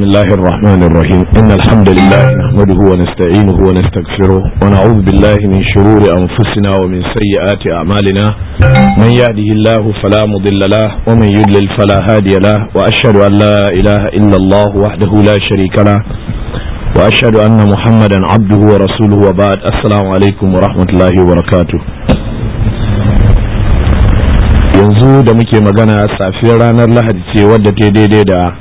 بسم الله الرحمن الرحيم إن الحمد لله نحمده ونستعينه ونستغفره ونعوذ بالله من شرور أنفسنا ومن سيئات أعمالنا من يهده الله فلا مضل له ومن يضلل فلا هادي له وأشهد أن لا إله إلا الله وحده لا شريك له وأشهد أن محمدا عبده ورسوله وبعد السلام عليكم ورحمة الله وبركاته yanzu da muke magana safiyar ranar lahadi ce wadda ta daidai da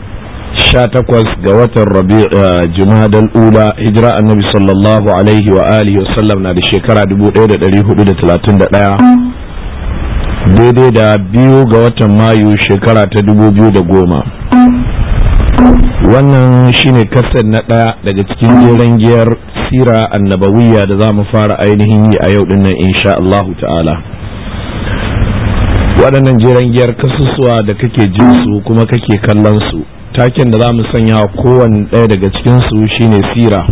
18 ga watan rabi uh, jumadan ula hijira annabi sallallahu alaihi wa alihi wasallam na da shekara 1431 daidai da biyu ga watan mayu shekara ta 2010 wannan shine kasar na ɗaya daga cikin jeren giyar sira annabawiya da za mu fara ainihin yi a yau dinnan insha Allahu ta'ala waɗannan jeren giyar kasusuwa da kake jinsu kuma kake kallon su takin da za mu sanya kowane ɗaya daga cikin su shine sira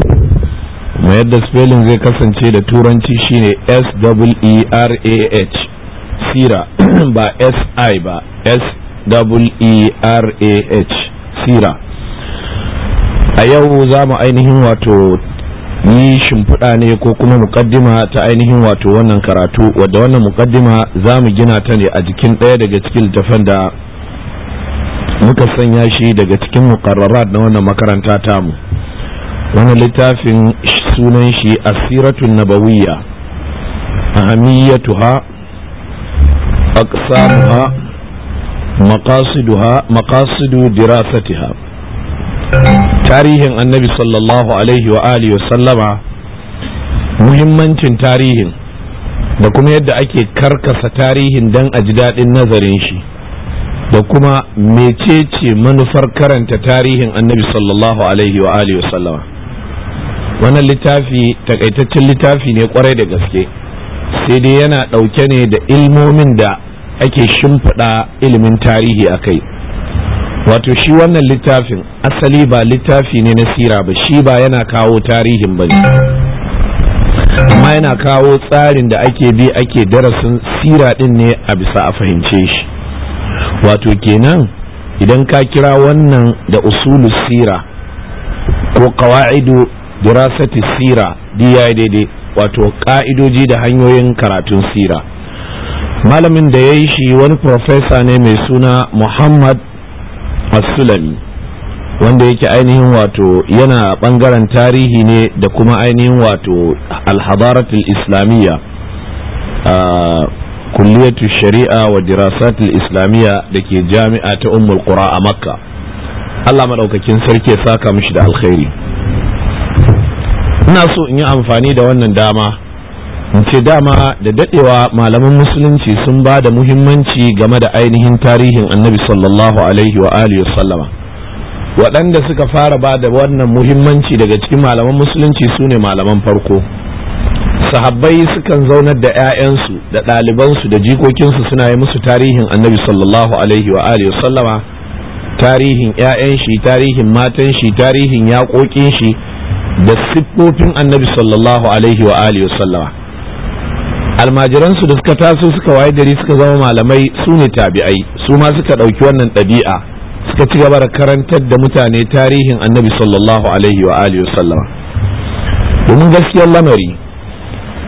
mu yadda spelling zai kasance da turanci shine s-w-e-r-a-h sira ba s-i ba s-w-e-r-a-h sira a yau za mu ainihin wato ni shimfiɗa ne ko kuma mukaddima ta ainihin wato wannan karatu wadda wannan mukaddima za mu gina ta ne a jikin ɗaya daga cikin littafan da muka sanya shi daga cikin mukarrarat na wannan makaranta tamu wani littafin sunan shi asiratun nabawiyya ahamiyatuha aqsamuha maqasiduha maqasidu dirasatiha tarihin annabi sallallahu alaihi wa alihi wa sallama muhimmancin tarihin da kuma yadda ake karkasa tarihin dan a ji daɗin nazarin shi da kuma mecece manufar karanta tarihin annabi sallallahu alaihi wa alihi wasallama wannan littafi takaitaccen littafi ne kwarai da gaske sai dai yana ɗauke ne da ilmomin da ake shimfiɗa ilimin tarihi a kai wato shi wannan littafin asali ba littafi ne na sira ba shi ba yana kawo tarihin ba ne amma yana kawo tsarin da ake bi ake darasin sira ɗin ne a bisa a fahimce shi wato kenan idan ka kira wannan da usulu sira ko qawa'idu dirasati sira diya daidai wato ka'idoji da hanyoyin karatun sira malamin da ya yi shi wani profesa ne mai suna muhammad asulami wanda yake ainihin wato yana bangaren tarihi ne da kuma ainihin wato alhadaratul islamiyya ah, kulliyatu shari'a wa dirasat islamiyya da ke jami'a ta ummul qura a makka allah maɗaukakin sarki ya saka mishi da alkhairi ina so in yi amfani da wannan dama in ce dama da daɗewa malaman musulunci sun ba da muhimmanci game da ainihin tarihin annabi sallallahu alaihi wa alihi sallama waɗanda suka fara ba da wannan muhimmanci daga cikin malaman musulunci su ne malaman farko sahabbai sukan zaunar da 'ya'yansu da ɗalibansu da jikokinsu suna yi musu tarihin annabi sallallahu alaihi wa alihi sallama tarihin 'ya'yan shi tarihin matan shi tarihin yaƙoƙin shi da siffofin annabi sallallahu alaihi wa alihi sallama almajiransu da suka taso suka waye gari suka zama malamai su ne tabi'ai su ma suka ɗauki wannan ɗabi'a suka ci gaba da karantar da mutane tarihin annabi sallallahu alaihi wa alihi sallama domin gaskiyar lamari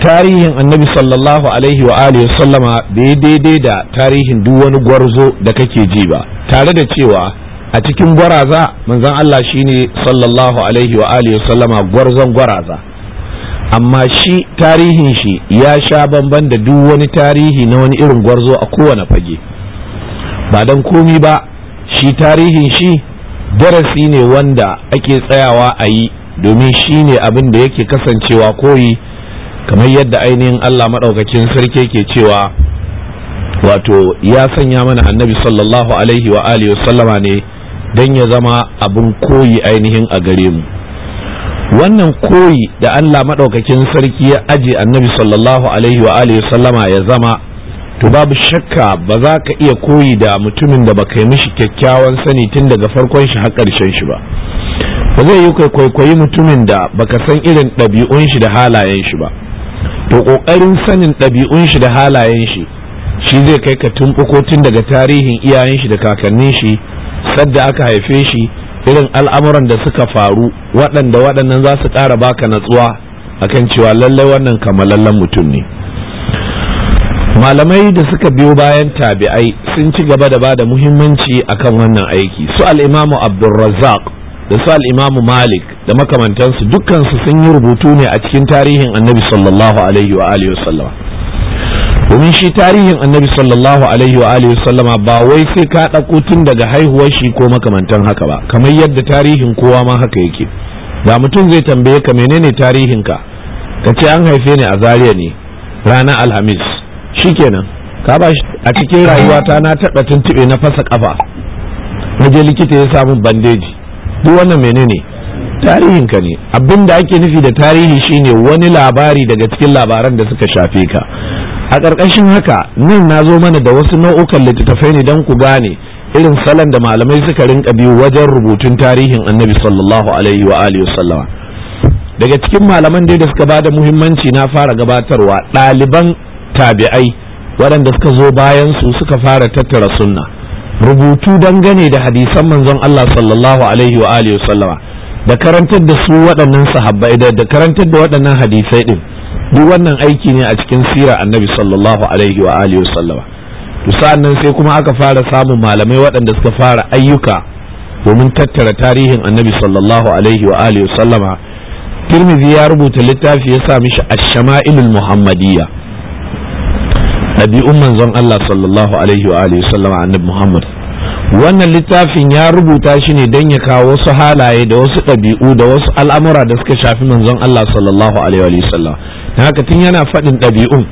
tarihin annabi sallallahu alaihi wa alihi sallama bai daidai da tarihin duk wani gwarzo da kake ji ba tare da cewa a cikin gwaraza manzon Allah shine sallallahu alaihi wa alihi sallama gwarzon gwaraza amma shi tarihin shi ya sha bamban da duk wani tarihi na wani irin gwarzo a kowane fage ba dan komi ba shi tarihin shi darasi ne wanda ake tsayawa a yi domin shi ne abin da yake kasancewa koyi kamar yadda ainihin Allah maɗaukakin sarki ke cewa wato ya sanya mana annabi sallallahu alaihi wa alihi sallama ne don ya zama abin koyi ainihin a gare mu wannan koyi da Allah maɗaukakin sarki ya aje annabi sallallahu alaihi wa alihi sallama ya zama to babu shakka ba za ka iya koyi da mutumin da baka yi mishi kyakkyawan sani tun daga farkon shi har ƙarshen shi ba ba zai yi kwaikwayi mutumin da baka san irin ɗabi'un shi da halayen shi ba to kokarin sanin ɗabi'un shi da halayen shi shi zai kai ka tumbuko tun daga tarihin iyayen shi da kakannin shi sadda aka haife shi irin al'amuran da suka faru waɗanda waɗannan za su ƙara baka natsuwa akan cewa lallai wannan kamalallen mutum ne malamai da suka biyo bayan tabi'ai sun ci gaba da ba da muhimmanci akan wannan aiki su al imamu abdulrazzaq da su al'imamu malik da makamantansu dukkansu sun yi rubutu ne a cikin tarihin annabi sallallahu alaihi wa alihi wasallama domin shi tarihin annabi sallallahu alaihi wa alihi wasallama ba wai sai ka ɗauko tun daga haihuwar shi ko makamantan haka ba kamar yadda tarihin kowa ma haka yake da mutum zai tambaye ka menene tarihin ka ka ce an haife ni a zaria ne ranar alhamis shikenan ka ba a cikin rayuwata na taɓa tuntuɓe na fasa ƙafa na je likita ya samu bandeji duk wannan menene tarihin ka ne abin da ake nufi da tarihi shine wani labari daga cikin labaran da suka shafe ka a ƙarƙashin haka nan na zo mana da wasu nau'ukan littattafai ne don ku gane irin salon da malamai suka rinka biyu wajen rubutun tarihin annabi sallallahu alaihi wa alihi wasallama daga cikin malaman dai da suka ba da muhimmanci na fara gabatarwa ɗaliban tabi'ai waɗanda suka zo bayan su suka fara tattara sunna rubutu dangane da hadisan manzon Allah sallallahu alaihi wa alihi wasallama da karantar da su waɗannan sahabbai da karantar da waɗannan hadisai din duk wannan aiki ne a cikin sirar annabi sallallahu alaihi wa alihi wasallama to sa'an sai kuma aka fara samun malamai waɗanda suka fara ayyuka domin tattara tarihin annabi sallallahu alaihi wa alihi wasallama Tirmidhi ya rubuta littafi ya sa mishi Ash-Shama'ilul Muhammadiyya ɗabi'un manzon Allah sallallahu alaihi wa alihi sallama annabi Muhammad wannan littafin ya rubuta shi ne don ya kawo wasu halaye da wasu ɗabi'u da wasu al'amura da suka shafi manzon Allah sallallahu alaihi wa sallam haka tun yana faɗin ɗabi'un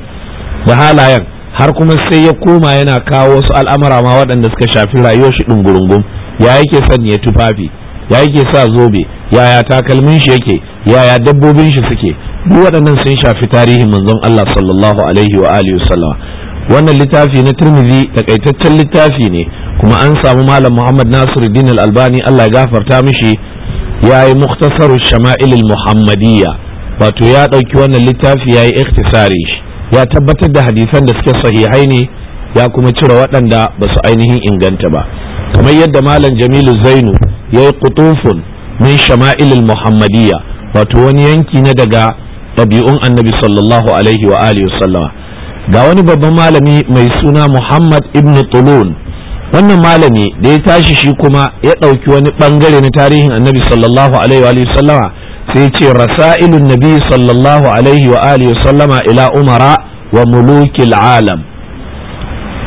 da halayen har kuma sai ya koma yana kawo wasu al'amura ma waɗanda suka shafi rayuwar shi ɗungurungun ya yake sanya tufafi ya yake sa zobe yaya takalmin shi yake yaya dabbobin shi suke duk waɗannan sun shafi tarihin manzon Allah sallallahu alaihi wa alihi wannan littafi na turmizi takaitaccen littafi ne kuma an samu malam muhammad Nasiru al-albani allah ya gafarta mishi ya yi muktasar shama'il muhammadiyya wato ya ɗauki wannan littafi ya yi ikhtisari ya tabbatar da hadisan da suke sahihai ne ya kuma cire waɗanda ba su ainihin inganta ba kamar yadda malam jamilu zainu ya yi kutufun min shama'il muhammadiyya wato wani yanki na daga ɗabi'un annabi sallallahu alaihi wa alihi wa sallama ga wani babban malami mai suna muhammad ibn tulun wannan malami da ya tashi shi kuma ya ɗauki wani ɓangare na tarihin annabi sallallahu alaihi wa sallama sai ce rasailun nabi sallallahu alaihi wa alihi sallama ila umara wa mulukil alam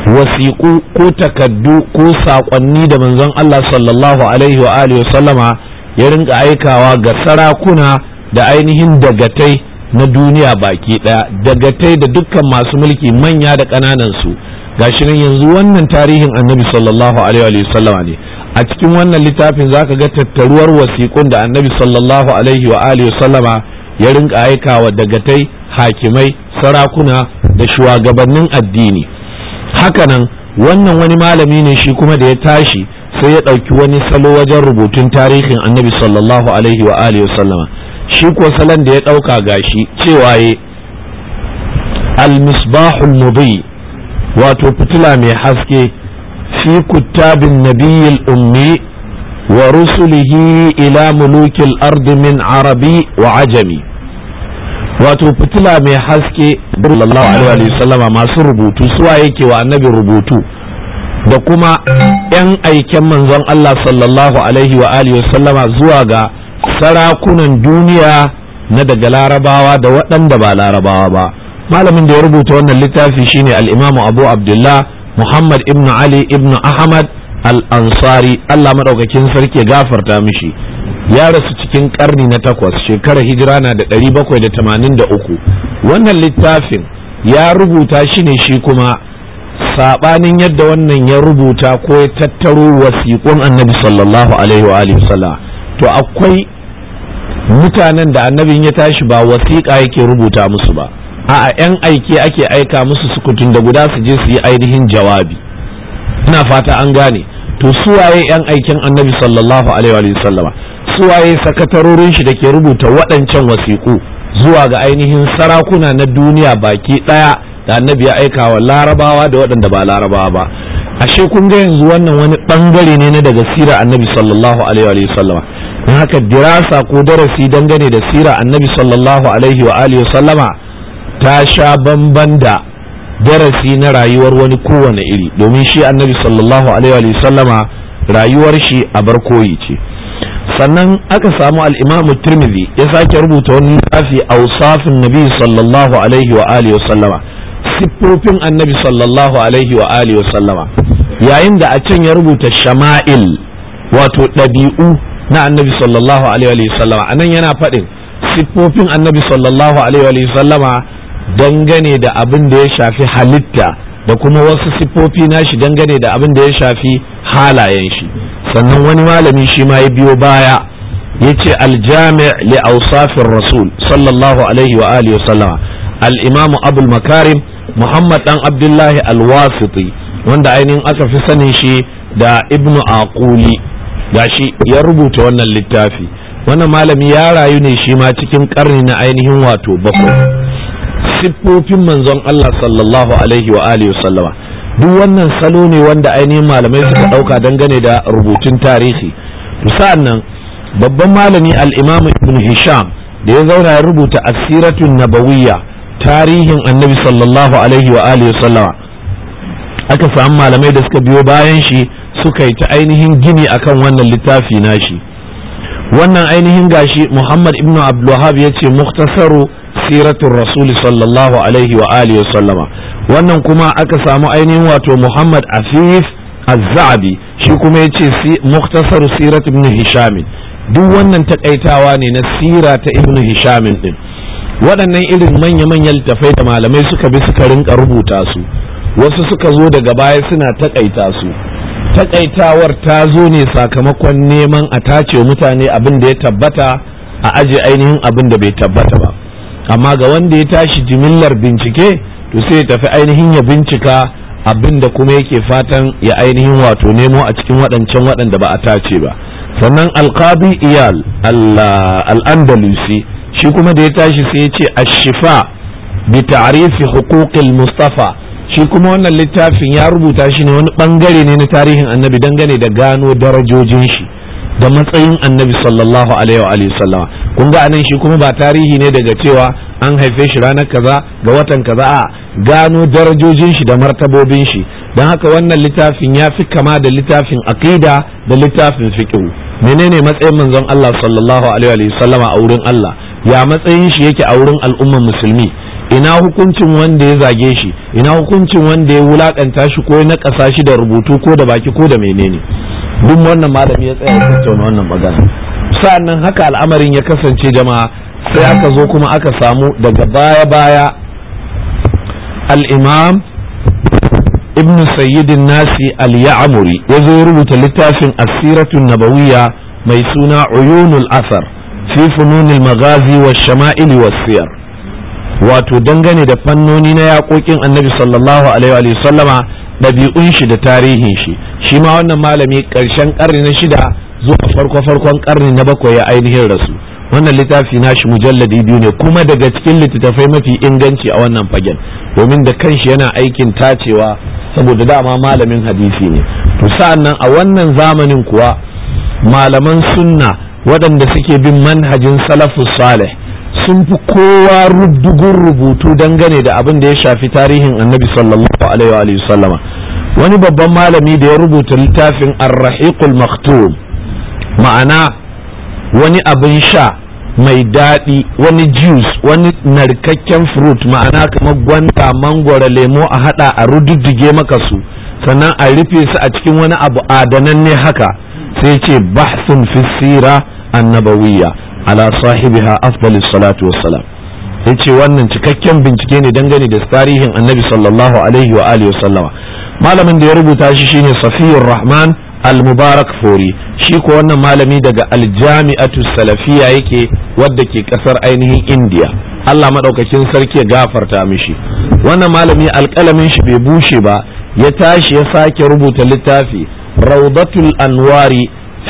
wasiƙu ko takaddu ko saƙonni da manzon Allah sallallahu alaihi wa alihi sallama ya rinka aikawa ga sarakuna da ainihin dagatai na duniya baki ɗaya dagatai da dukkan masu mulki manya da ƙananan su gashi nan yanzu wannan tarihin annabi sallallahu alaihi wa sallama ne a cikin wannan littafin za ka ga tattaruwar wasiƙun da annabi sallallahu alaihi wa alihi sallama ya rinka wa dagatai hakimai sarakuna da shugabannin addini hakanan wannan wani malami ne shi kuma da ya tashi sai ya ɗauki wani salo wajen rubutun tarihin annabi sallallahu alaihi wa alihi sallama shi ko salon da ya ɗauka gashi cewa ya almisbahul mubi wato fitila mai haske fi kuttabin nabiyil ummi wa rusulihi ila mulukil ardi min arabi wa ajami wato fitila mai haske sallallahu alaihi masu rubutu suwa yake wa annabi rubutu da kuma 'yan aiken manzon Allah sallallahu alaihi wa alihi wasallama zuwa ga sarakunan duniya na daga larabawa da waɗanda ba larabawa ba malamin da ya rubuta wannan littafi shine al-imamu abu abdullah muhammad ibn ali ibn ahmad al-ansari allah maɗaukakin sarki ya gafarta mishi ya rasu cikin karni na takwas shekarar hijira na da da uku wannan littafin ya rubuta shi ne shi kuma saɓanin yadda wannan ya rubuta ko ya tattaro wasiƙun annabi sallallahu alaihi wa sallam to akwai mutanen da annabin ya tashi ba wasiƙa yake rubuta musu ba a yan aike ake aika musu su sukutun da guda su je su yi ainihin jawabi ina fata an gane to suwaye yan aikin annabi sallallahu alaihi wa sallama suwaye sakatarorin shi da ke rubuta waɗancan wasiƙu zuwa ga ainihin sarakuna na duniya baki ɗaya da annabi ya aika wa larabawa da waɗanda ba larabawa ba ashe kun ga yanzu wannan wani ɓangare ne na daga sirar annabi sallallahu alaihi wa sallama don haka dirasa ko darasi dangane da sira annabi sallallahu alaihi wa alihi sallama ta sha bamban da darasi na rayuwar wani kowane iri domin shi annabi sallallahu alaihi wa sallama rayuwar shi a barkoyi ce sannan aka samu al'imamu tirmidhi ya sake rubuta wani littafi a usafin nabi sallallahu alaihi wa alihi sallama siffofin annabi sallallahu alaihi wa alihi sallama yayin da a can ya rubuta shama'il wato ɗabi'u na annabi sallallahu alaihi wasallama anan yana faɗin siffofin annabi sallallahu alaihi sallama dangane da abin da ya shafi halitta da kuma wasu siffofi nashi dangane da abin da ya shafi halayen shi sannan wani malami shi ma ya biyo baya ya ce aljami' li ausafin rasul sallallahu alaihi wa alihi wasallama al-imamu abul makarim muhammad dan abdullahi al-wasiti wanda ainihin aka fi sanin shi da ibnu aquli gashi ya rubuta wannan littafi wannan malami ya rayu ne shi ma cikin karni na ainihin wato bako. siffofin manzon Allah sallallahu alaihi wa alihi sallama duk wannan salo ne wanda ainihin malamai suka dauka dangane da rubutun tarihi sa'an nan babban malami al-Imam Ibn Hisham da ya zauna ya rubuta asiratun nabawiyya tarihin annabi sallallahu alaihi wa alihi sallama aka samu malamai da suka biyo bayan shi suka yi ta ainihin gini akan wannan littafi nashi wannan ainihin gashi muhammad ibn abdulwahab ya ce muktasaru siratun rasul sallallahu alaihi wa alihi wa sallama wannan kuma aka samu ainihin wato muhammad afif az-za'abi shi kuma ya ce muktasaru sirat ibn hishamin duk wannan takaitawa ne na sira ta ibn hishamin din waɗannan irin manya-manyan littafai da malamai suka bi suka rinka rubuta su wasu suka zo daga baya suna takaita su takaitawar ta zo ne sakamakon neman a tace mutane abin da ya tabbata a aje ainihin abin da bai tabbata ba amma ga wanda ya tashi jimillar bincike to sai ya tafi ainihin ya bincika abin da kuma yake fatan ya ainihin wato nemo a cikin waɗancan waɗanda ba a tace ba sannan alqabi iyal al shi kuma da ya tashi sai ya ce ashifa bi ta'rifi hukukul mustafa shi kuma wannan littafin ya rubuta shi ne wani bangare ne na tarihin annabi dangane da gano darajojin shi da matsayin annabi sallallahu alaihi wa kun ga anan shi kuma ba tarihi ne daga cewa an haife shi ranar kaza ga watan kaza a gano darajojin shi da martabobin shi don haka wannan littafin ya fi kama da littafin aqida da littafin fiqh menene matsayin manzon Allah sallallahu alaihi wa sallama a wurin Allah ya matsayin shi yake a wurin al'ummar musulmi ina hukuncin wanda ya zage shi ina hukuncin wanda ya wulakanta shi ko na nakasa shi da rubutu ko da baki ko da menene duk wannan malami ya tsaya ya tattauna wannan magana sa'annan haka al'amarin ya kasance jama'a sai aka zo kuma aka samu daga baya baya al-imam ibn sayyidin nasi al-ya'muri ya zo rubuta littafin asiratun nabawiyya mai suna uyunul asar fi fununil magazi wa shama'ili wa siyar wato dangane da fannoni na yaƙoƙin annabi sallallahu alaihi wa sallama ɗabi'un shi da tarihin shi shi ma wannan malami ƙarshen ƙarni na shida zuwa farko farkon ƙarni na bakwai ya ainihin rasu wannan littafi nashi mujalladi biyu ne kuma daga cikin littattafai mafi inganci a wannan fagen domin da kanshi yana aikin tacewa saboda dama malamin hadisi ne to sa'an a wannan zamanin kuwa malaman sunna waɗanda suke bin manhajin salafus salih sun fi kowa rubdugun rubutu dangane da abin da ya shafi tarihin annabi sallallahu alaihi wa sallama wani babban malami da ya rubuta littafin arrahiqul maktum ma'ana wani abin sha mai daɗi wani juice wani narkakken fruit ma'ana kamar gwanta mangwara lemo a hada a rududdige maka su sannan a rufe su a cikin wani abu adananne haka sai ce bahsun fi sira annabawiyya ala sahibiha afdalus salatu wassalam yace wannan cikakken bincike ne dangane da tarihin annabi sallallahu alaihi wa alihi wasallama malamin da ya rubuta shi shine safiyur rahman al-mubarak fori shi ko wannan malami daga aljami'atu salafiya yake wadda ke kasar ainihin indiya allah maɗaukacin sarki ya gafarta mishi wannan malami alƙalamin shi bai bushe ba ya tashi ya sake rubuta littafi raudatul anwari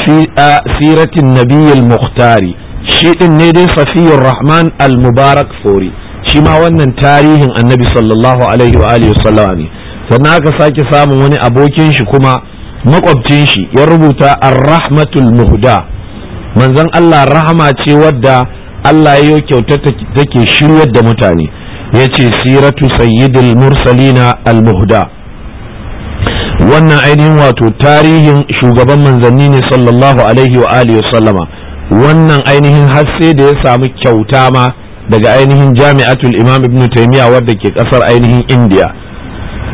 fi siratin nabiyyil muhtari shi din ne dai safiyur rahman al-mubarak fori shi ma wannan tarihin annabi sallallahu alaihi wa alihi sallama ne sannan aka sake samun wani abokin shi kuma makwabcin shi ya rubuta ar-rahmatul muhda manzon Allah rahama ce wadda Allah ya yi kyautar take shiryar da mutane ya ce siratu sayyidul mursalina al-muhda wannan ainihin wato tarihin shugaban manzanni ne sallallahu alaihi wa alihi sallama wannan ainihin har sai da ya samu kyauta ma daga ainihin jami'atul imam ibn taymiya wadda ke kasar ainihin india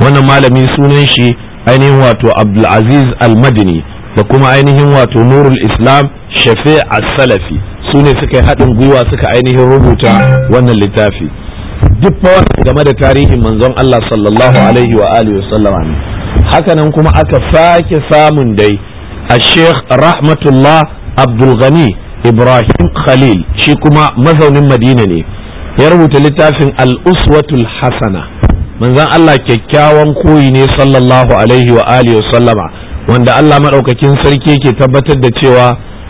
wannan malami sunan shi ainihin wato abdulaziz al-madini da kuma ainihin wato nurul islam shafi as-salafi su ne suka yi haɗin gwiwa suka ainihin rubuta wannan littafi duk game da tarihin manzon Allah sallallahu alaihi wa alihi wa sallama hakanan kuma aka sake samun dai a sheikh rahmatullah abdulghani ibrahim khalil shi kuma mazaunin madina ne ya rubuta littafin al'uswatul hasana manzan allah kyakkyawan koyi ne sallallahu alaihi wa alihi wa sallama wanda allah maɗaukakin sarki yake tabbatar da cewa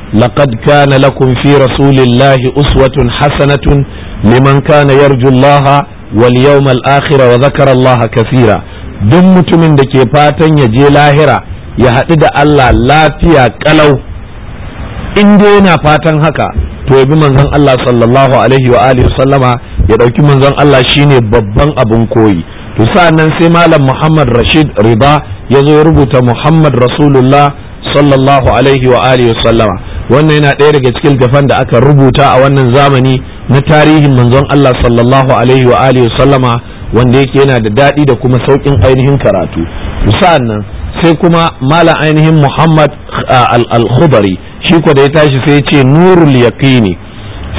لقد kana لكم في uswatun الله أسوة liman لمن كان يرجو الله واليوم الآخر وذكر الله كثيرا duk mutumin da ke fatan ya je lahira ya haɗu da Allah lafiya kalau in dai yana fatan haka to ya bi manzon Allah sallallahu alaihi wa alihi sallama ya dauki manzon Allah shine babban abun koyi to sa'annan sai malam Muhammad Rashid Riba ya zo rubuta Muhammad Rasulullah sallallahu alaihi wa alihi sallama wannan yana ɗaya daga cikin littafan da aka rubuta a wannan zamani na tarihin manzon Allah sallallahu alaihi wa alihi sallama wanda yake yana da daɗi da kuma sauƙin ainihin karatu sa'annan sai kuma malam ainihin Muhammad ah, al-Khudari shi ko da ya tashi sai ya ce nurul yaqini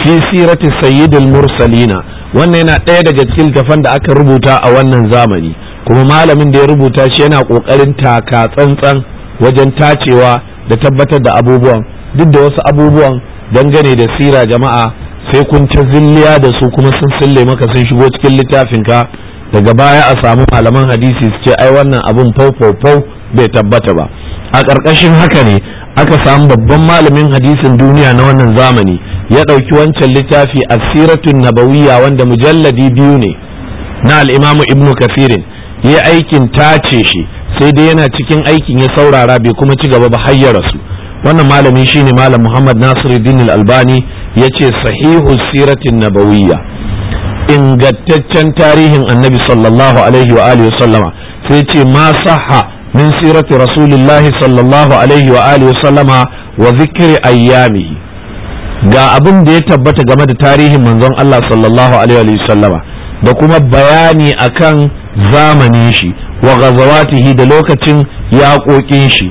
fi sirati sayyidil mursalina wannan yana ɗaya daga cikin littafan da aka rubuta a wannan zamani kuma malamin da ya rubuta shi yana kokarin taka tsantsan wajen tacewa da tabbatar da abubuwan duk da wasu abubuwan dangane da sira jama'a sai kun ta zilliya da su kuma sun sille maka sun shigo cikin littafinka daga baya a samu malaman hadisi su ce ai wannan abun fau fau fau bai tabbata ba a ƙarƙashin haka ne aka samu babban malamin hadisin duniya na wannan zamani ya ɗauki wancan littafi a siratun nabawiyya wanda mujalladi biyu ne na al'imamu ibnu kafirin ya aikin tace shi sai dai yana cikin aikin ya saurara bai kuma ci gaba ba har ya rasu wannan malami shine malam muhammad nasiruddin albani ya ce sahihu siratin nabawiyya ingantaccen tarihin annabi sallallahu alaihi wa alihi sallama sai ce ma sahha min sirati rasulillahi sallallahu alaihi wa alihi sallama wa zikri ayyami ga abin da ya tabbata game da tarihin manzon Allah sallallahu alaihi wa sallama da kuma bayani akan zamanin shi wa ghazawatihi da lokacin yaƙoƙin shi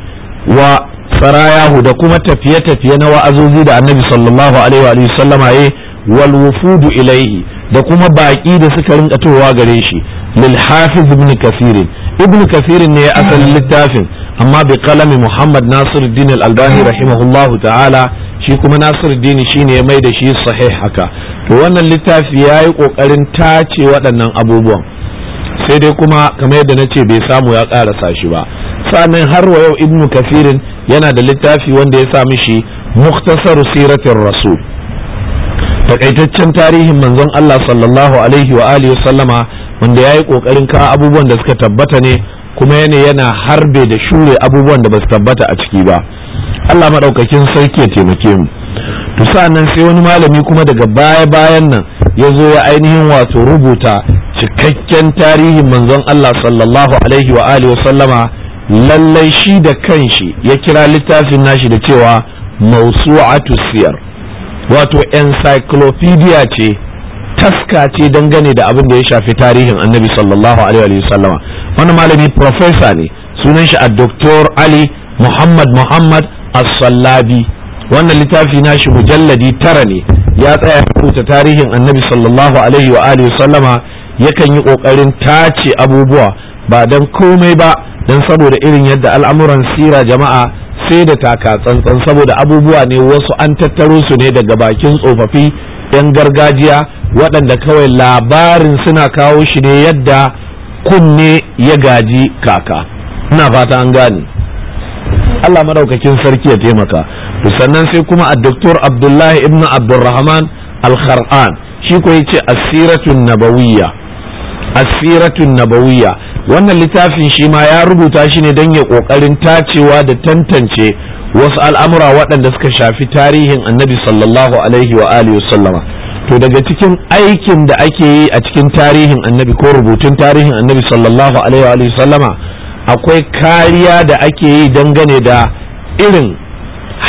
wa sarayahu da kuma tafiye-tafiye na wa'azozi da annabi sallallahu alaihi wal ilaihi da kuma baƙi da suka rinka towa gare shi lil hafiz ibn kasir ibn kasir ne ya asalin littafin amma bi qalami muhammad nasiruddin al-albani rahimahullahu ta'ala shi kuma nasiruddin shine ya mai da shi sahih haka to wannan littafi yayi kokarin tace waɗannan abubuwan sai dai kuma kamar yadda nace bai samu ya karasa shi ba sannan har wa yau ibn kasirin yana da littafi wanda ya sa mishi muktasar siratin rasul takaitaccen tarihin manzon Allah sallallahu alaihi wa alihi sallama wanda yayi kokarin ka abubuwan da suka tabbata ne kuma yana yana harbe da shure abubuwan da basu tabbata a ciki ba Allah madaukakin sarki ya taimake mu to sa'annan sai wani malami kuma daga baya bayan nan ya zo ya ainihin wato rubuta cikakken tarihin manzon Allah sallallahu alaihi wa alihi sallama lallai shi da kanshi ya kira littafin nashi da cewa mausu'atu siyar wato encyclopedia ce taska ce dangane da abin da ya shafi tarihin annabi sallallahu alaihi wani malami professor ne sunan shi a Dr. ali muhammad muhammad as-sallabi wannan littafi nashi mujalladi tara ne ya tsaya rubuta tarihin annabi sallallahu alaihi wa alihi sallama yakan yi kokarin tace abubuwa ba dan komai ba dan saboda irin yadda al'amuran sira jama'a sai da taka tsantsan saboda abubuwa ne wasu an tattaro su ne daga bakin tsofaffi 'yan gargajiya waɗanda kawai labarin suna kawo shi ne yadda kunne ya gaji kaka ina fata an gane Allah madaukakin sarki ya taimaka To sannan sai kuma a doktor abdullahi ibn abdurrahman al-khar'an shi ko yace asiratun nabawiyya asiratun nabawiyya wannan littafin shi ma ya rubuta shi ne don ya ƙoƙarin tacewa da tantance wasu al'amura waɗanda suka shafi tarihin annabi sallallahu alaihi wa sallama to daga cikin aikin da ake yi a cikin tarihin annabi ko rubutun tarihin annabi sallallahu alaihi wa sallama akwai kariya da ake yi dangane da irin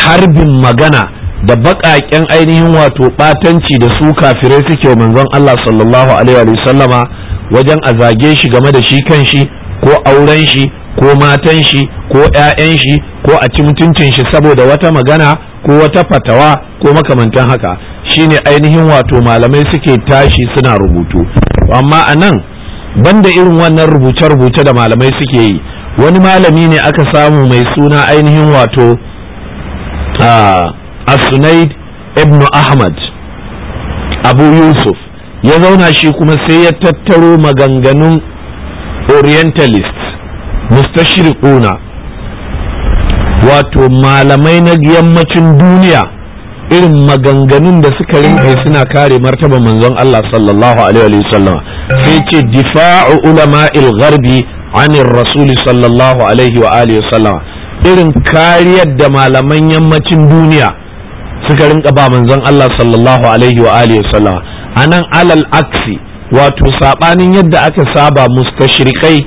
harbin magana da baƙaƙen ainihin wato ɓatanci da su kafirai suke manzon Allah sallallahu alaihi wa sallama wajen a zage shi game da shi kan shi ko auren shi ko matan shi ko 'ya'yan shi ko a ci mutuncin shi saboda wata magana ko wata fatawa ko makamantan haka shine ainihin wato malamai suke tashi suna rubutu amma a nan banda irin wannan rubuce-rubuce da malamai suke yi wani malami ne aka samu mai suna ainihin wato ah, as ibnu ahmad abu yusuf ya zauna shi kuma sai ya tattaro maganganun orientalist mustashriquna wato malamai na yammacin duniya irin maganganun da suka rinka suna kare martaba manzon Allah sallallahu alaihi wasallam sai ce difa'u ulama'il gharbi anir rasuli sallallahu alaihi wa alihi wasallam irin kariyar da malaman yammacin duniya suka rinka ba manzon Allah sallallahu alaihi wa alihi wasallam a nan alal aksi wato saɓanin yadda aka saba mustashrikai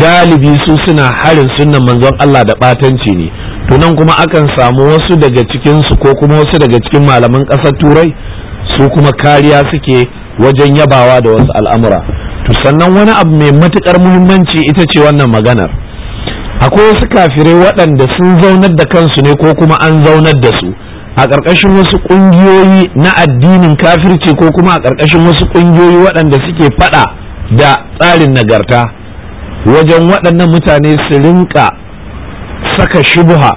galibi su suna harin sunan manzon Allah da ɓatanci ne to kuma akan samu wasu daga cikinsu ko kuma wasu daga cikin malaman ƙasar turai su kuma kariya suke wajen yabawa da wasu al'amura to sannan wani abu mai matukar muhimmanci ita ce wannan maganar akwai wasu kafirai waɗanda sun zaunar da kansu ne ko kuma an zaunar da su a ƙarƙashin wasu ƙungiyoyi na addinin kafirci ko kuma a ƙarƙashin wasu ƙungiyoyi waɗanda suke faɗa da tsarin nagarta wajen waɗannan mutane su rinka saka shubuha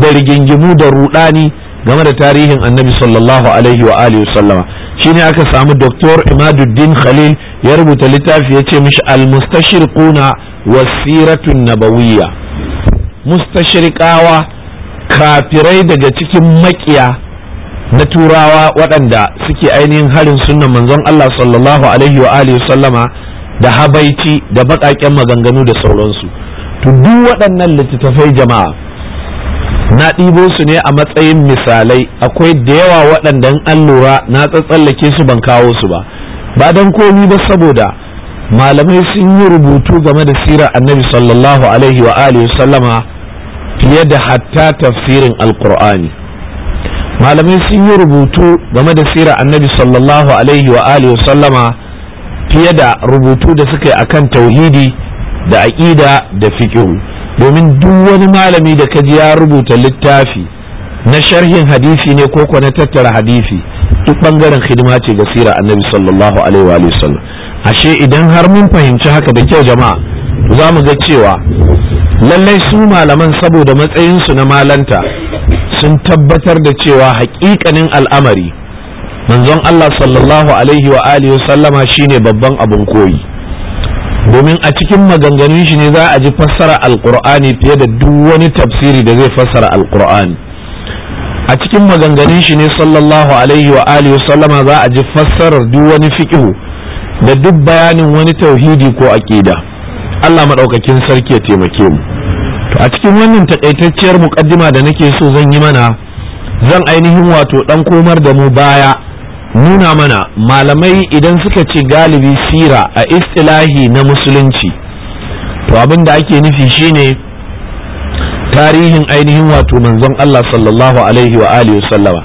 da rigingimu da ruɗani game da tarihin annabi sallallahu alaihi wa alihi sallama shine aka samu doktor imaduddin khalil ya rubuta littafi ya ce mishi al wasiratun nabawiyya mustashriqawa kafirai daga cikin makiya na turawa waɗanda suke ainihin harin sunan manzon Allah sallallahu alaihi wa alihi sallama da habaici da baƙaƙen maganganu da sauransu to waɗannan littattafai jama'a na ɗibo su ne a matsayin misalai akwai da yawa waɗanda an lura na tsatsallake su ban kawo su ba ba don komi ba saboda malamai sun yi rubutu game da sirar annabi sallallahu alaihi wa alihi sallama fiye da hatta tafsirin alkur'ani malamai sun yi rubutu game da sira annabi sallallahu alaihi wa alihi sallama fiye da rubutu da suka yi akan tauhidi da aƙida da fiƙihu domin duk wani malami da kaji ya rubuta littafi na sharhin hadisi ne ko na tattara hadisi duk bangaren hidima ce ga sira annabi sallallahu alaihi wa sallam ashe idan har mun fahimci haka da kyau jama'a za mu ga cewa lallai su malaman saboda matsayinsu na malanta sun tabbatar da cewa haƙiƙanin al'amari manzon Allah sallallahu alaihi wa alihi sallama shine babban abun koyi domin a cikin maganganun shi ne za a ji fassara alqur'ani fiye da duk wani tafsiri da zai fassara alqur'ani a cikin maganganun shi ne sallallahu alaihi wa alihi sallama za a ji fassarar duk wani fiqh da duk bayanin wani tauhidi ko aqida Allah maɗaukakin sarki ya taimake mu to a cikin wannan takaitacciyar muƙaddima da nake so zan yi mana zan ainihin wato ɗan komar da mu baya nuna mana malamai idan suka ci galibi sira a istilahi na musulunci to abin da ake nufi shine tarihin ainihin wato manzon Allah sallallahu alaihi wa alihi sallama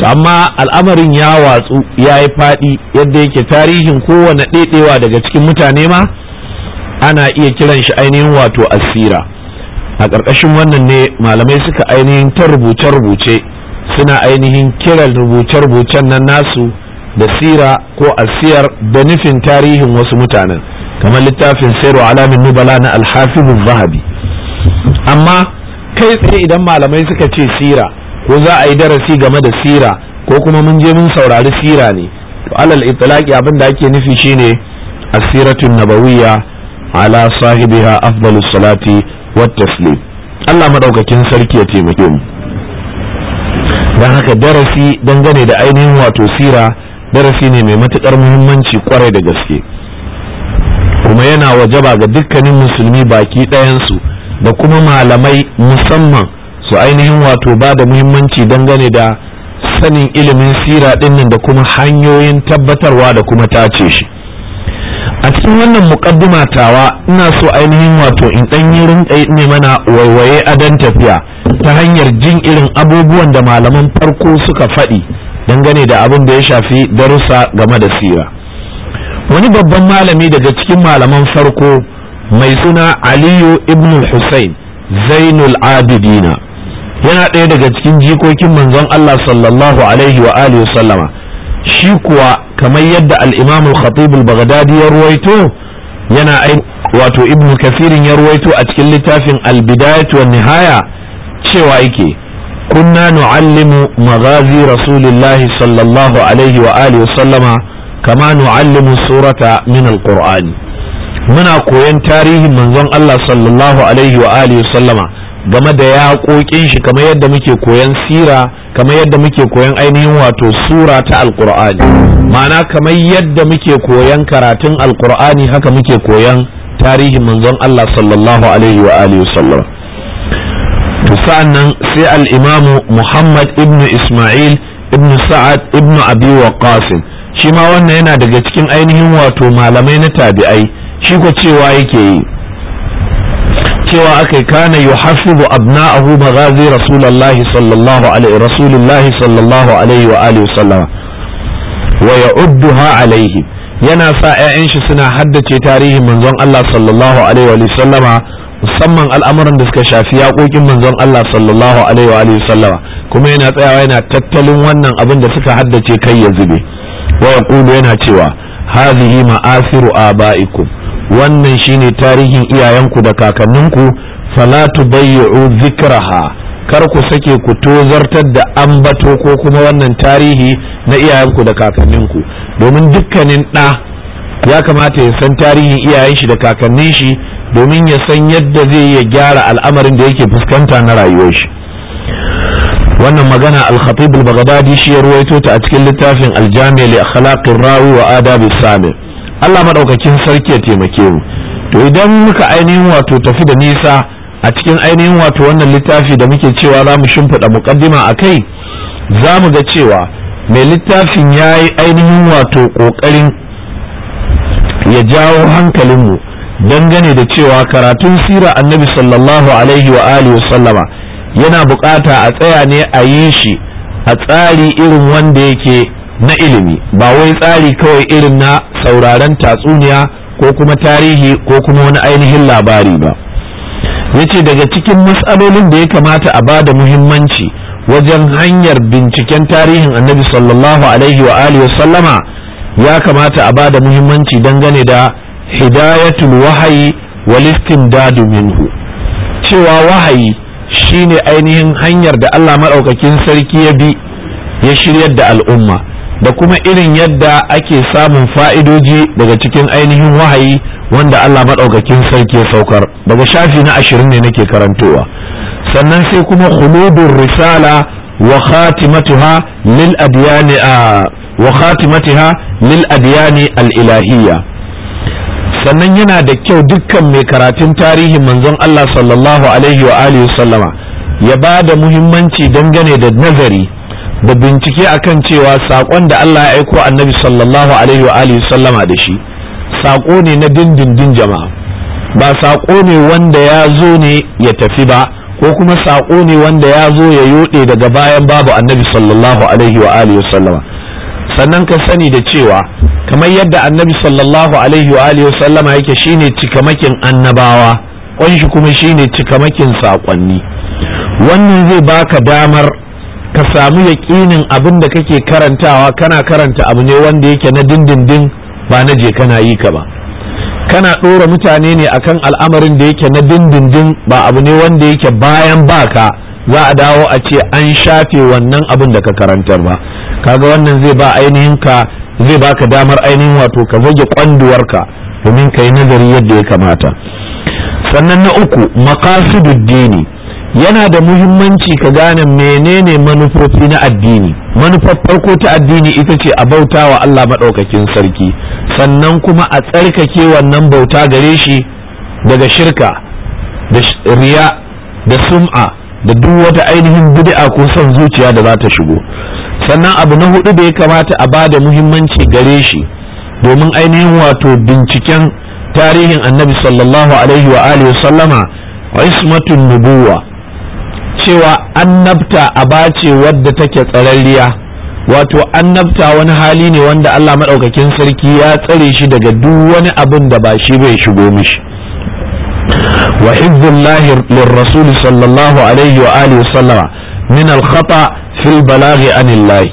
to amma al'amarin ya watsu ya yi faɗi yadda yake tarihin kowane ɗaiɗewa daga cikin mutane ma ana iya kiran shi ainihin wato asira a ƙarƙashin wannan ne malamai suka ainihin ta rubuce-rubuce suna ainihin kiran rubuce-rubucen nan nasu da sira ko asiyar da nufin tarihin wasu mutanen kamar littafin sairu alamin nubala na alhafizun zahabi amma kai tsaye idan malamai suka ce sira ko za a yi darasi game da sira ko kuma mun je mun saurari sira ne to alal itlaqi abin da ake nufi shine asiratun nabawiyya ala sahibiha afdalus salati wat taslim Allah madaukakin sarki ya taimake mu dan haka darasi dangane da ainihin wato sira darasi ne mai matukar muhimmanci kwarai da gaske kuma yana wajaba ga dukkanin musulmi baki ɗayansu da kuma malamai musamman su ainihin wato ba da muhimmanci dangane da sanin ilimin sira ɗinnan da kuma hanyoyin tabbatarwa da kuma tace shi a cikin wannan mukaddima tawa ina so ainihin wato in dan yi yi ne mana waiwaye a dan tafiya ta hanyar jin irin abubuwan da malaman farko suka faɗi dangane da abin da ya shafi darussa game da sira wani babban malami daga cikin malaman farko mai suna aliyu ibn hussein zainul adidina yana ɗaya daga cikin jikokin manzon allah sallallahu alaihi wa alihi sallama shi kuwa kamar yadda al-imam al-khatib al-baghdadi ya ruwaito yana wato ibnu kafirin ya ruwaito a cikin littafin al-bidayat wa nihaya cewa yake kunna nu'allimu maghazi rasulillahi sallallahu alaihi wa alihi sallama kama nu'allimu surata min al-qur'ani muna koyan tarihin manzon Allah sallallahu alaihi wa alihi sallama game da yaƙoƙin shi kamar yadda muke koyan sira kamar yadda muke koyan ainihin wato sura ta alƙur'ani ma'ana kamar yadda muke koyan karatun alƙur'ani haka muke koyan tarihin manzon Allah sallallahu alaihi wa alihi sallam to sa'annan sai al-Imam Muhammad ibn Isma'il ibn Sa'ad ibn Abi Waqqas shi ma wannan yana daga cikin ainihin wato malamai na tabi'ai shi ko cewa yake yi cewa akai kana yuhaffizu abna'ahu maghazi rasulullahi sallallahu alaihi rasulullahi sallallahu alaihi wa alihi sallama wa ya'udduha alaihi yana sa 'ya'yan shi suna haddace tarihin manzon Allah sallallahu alaihi wa sallama musamman al'amuran da suka shafi yaƙoƙin manzon Allah sallallahu alaihi wa alihi sallama kuma yana tsayawa yana tattalin wannan abin da suka haddace kai ya zube wa yaqulu yana cewa hadhihi ma'asiru abaikum wannan shine tarihin iyayenku da kakanninku fala tubayyi'u zikraha kar ku sake ku tozartar da ambato ko kuma wannan tarihi na iyayenku da kakanninku domin dukkanin ɗa ya kamata ya san tarihin iyayen shi da kakannin shi domin ya san yadda zai iya gyara al'amarin da yake fuskanta na rayuwar shi wannan magana al-khatib al-baghdadi shi ya ruwaito ta a cikin littafin al-jami' li akhlaqir rawi wa adab as-sami' Allah madaukakin sarki ya taimake mu to idan muka ainihin wato tafi da nisa a cikin ainihin wato wannan littafi da muke cewa za mu shimfiɗa muƙaddima a kai za mu ga cewa mai littafin ya yi ainihin wato ƙoƙarin ya jawo hankalinmu dangane da cewa karatun sira annabi sallallahu alaihi wa alihi sallama yana buƙata a tsaya ne a yi shi a tsari irin wanda yake na ilimi ba wai tsari kawai irin na sauraren tatsuniya ko kuma tarihi ko kuma wani ainihin labari ba Ya ce daga cikin matsalolin da ya kamata a bada muhimmanci wajen hanyar binciken tarihin annabi sallallahu alaihi wa alihi sallama ya kamata a bada muhimmanci dangane da hidayatul wahayi walistin istindadu minhu cewa wahayi shine ainihin hanyar da Allah maɗaukakin sarki ya bi ya shiryar da al'umma da kuma irin yadda ake samun fa'idoji daga cikin ainihin wahayi wanda Allah maɗaukakin sarki ya saukar daga shafi na ashirin ne nake karantowa sannan sai kuma khuludun risala wa lil adiyani khatimatiha lil adiyani al sannan yana da kyau dukkan mai karatun tarihin manzon Allah sallallahu alaihi wa alihi sallama ya ba da muhimmanci dangane da nazari da bincike akan cewa saƙon da Allah ya aiko annabi sallallahu alaihi wa alihi sallama da shi saƙo ne na dindindin jama'a ba saƙo ne wanda ya zo ne ya tafi ba ko kuma saƙo ne wanda ya zo ya yoɗe daga bayan babu annabi sallallahu alaihi wa alihi sallama sannan ka sani da cewa kamar yadda annabi sallallahu alaihi wa alihi sallama yake shine cikamakin annabawa ƙwanshi kuma shine cikamakin saƙonni wannan zai baka damar ka samu yaƙinin abin da kake karantawa kana karanta abu ne wanda yake na dindindin ba na je kana yi ka ba kana ɗora mutane ne akan al'amarin da yake na dindindin ba abu ne wanda yake bayan baka za a dawo a ce an shafe wannan abin da ka karantar ba kaga wannan zai ba ainihin ka zai baka damar ainihin wato ka zage kwanduwarka domin ka yi nazari yadda ya kamata sannan na uku dini yana da muhimmanci ka gane menene manufofi na addini manufar farko ta addini ita ce a bauta wa Allah maɗaukakin sarki sannan kuma a tsarkake wannan bauta gare shi daga shirka da riya da sum'a da duk wata ainihin bid'a ko son zuciya da za ta shigo sannan abu na hudu da ya kamata a ba da muhimmanci gare shi domin ainihin wato binciken tarihin annabi sallallahu alaihi wa alihi sallama ismatun nubuwa cewa annabta aba ce wadda take tsararriya wato annabta wani hali ne wanda Allah maɗaukakin sarki ya tsare shi daga duk wani abin da ba shi bai shigo mishi wa hibbullahi lirrasul sallallahu alaihi wa alihi sallama min al fil balaghi anillahi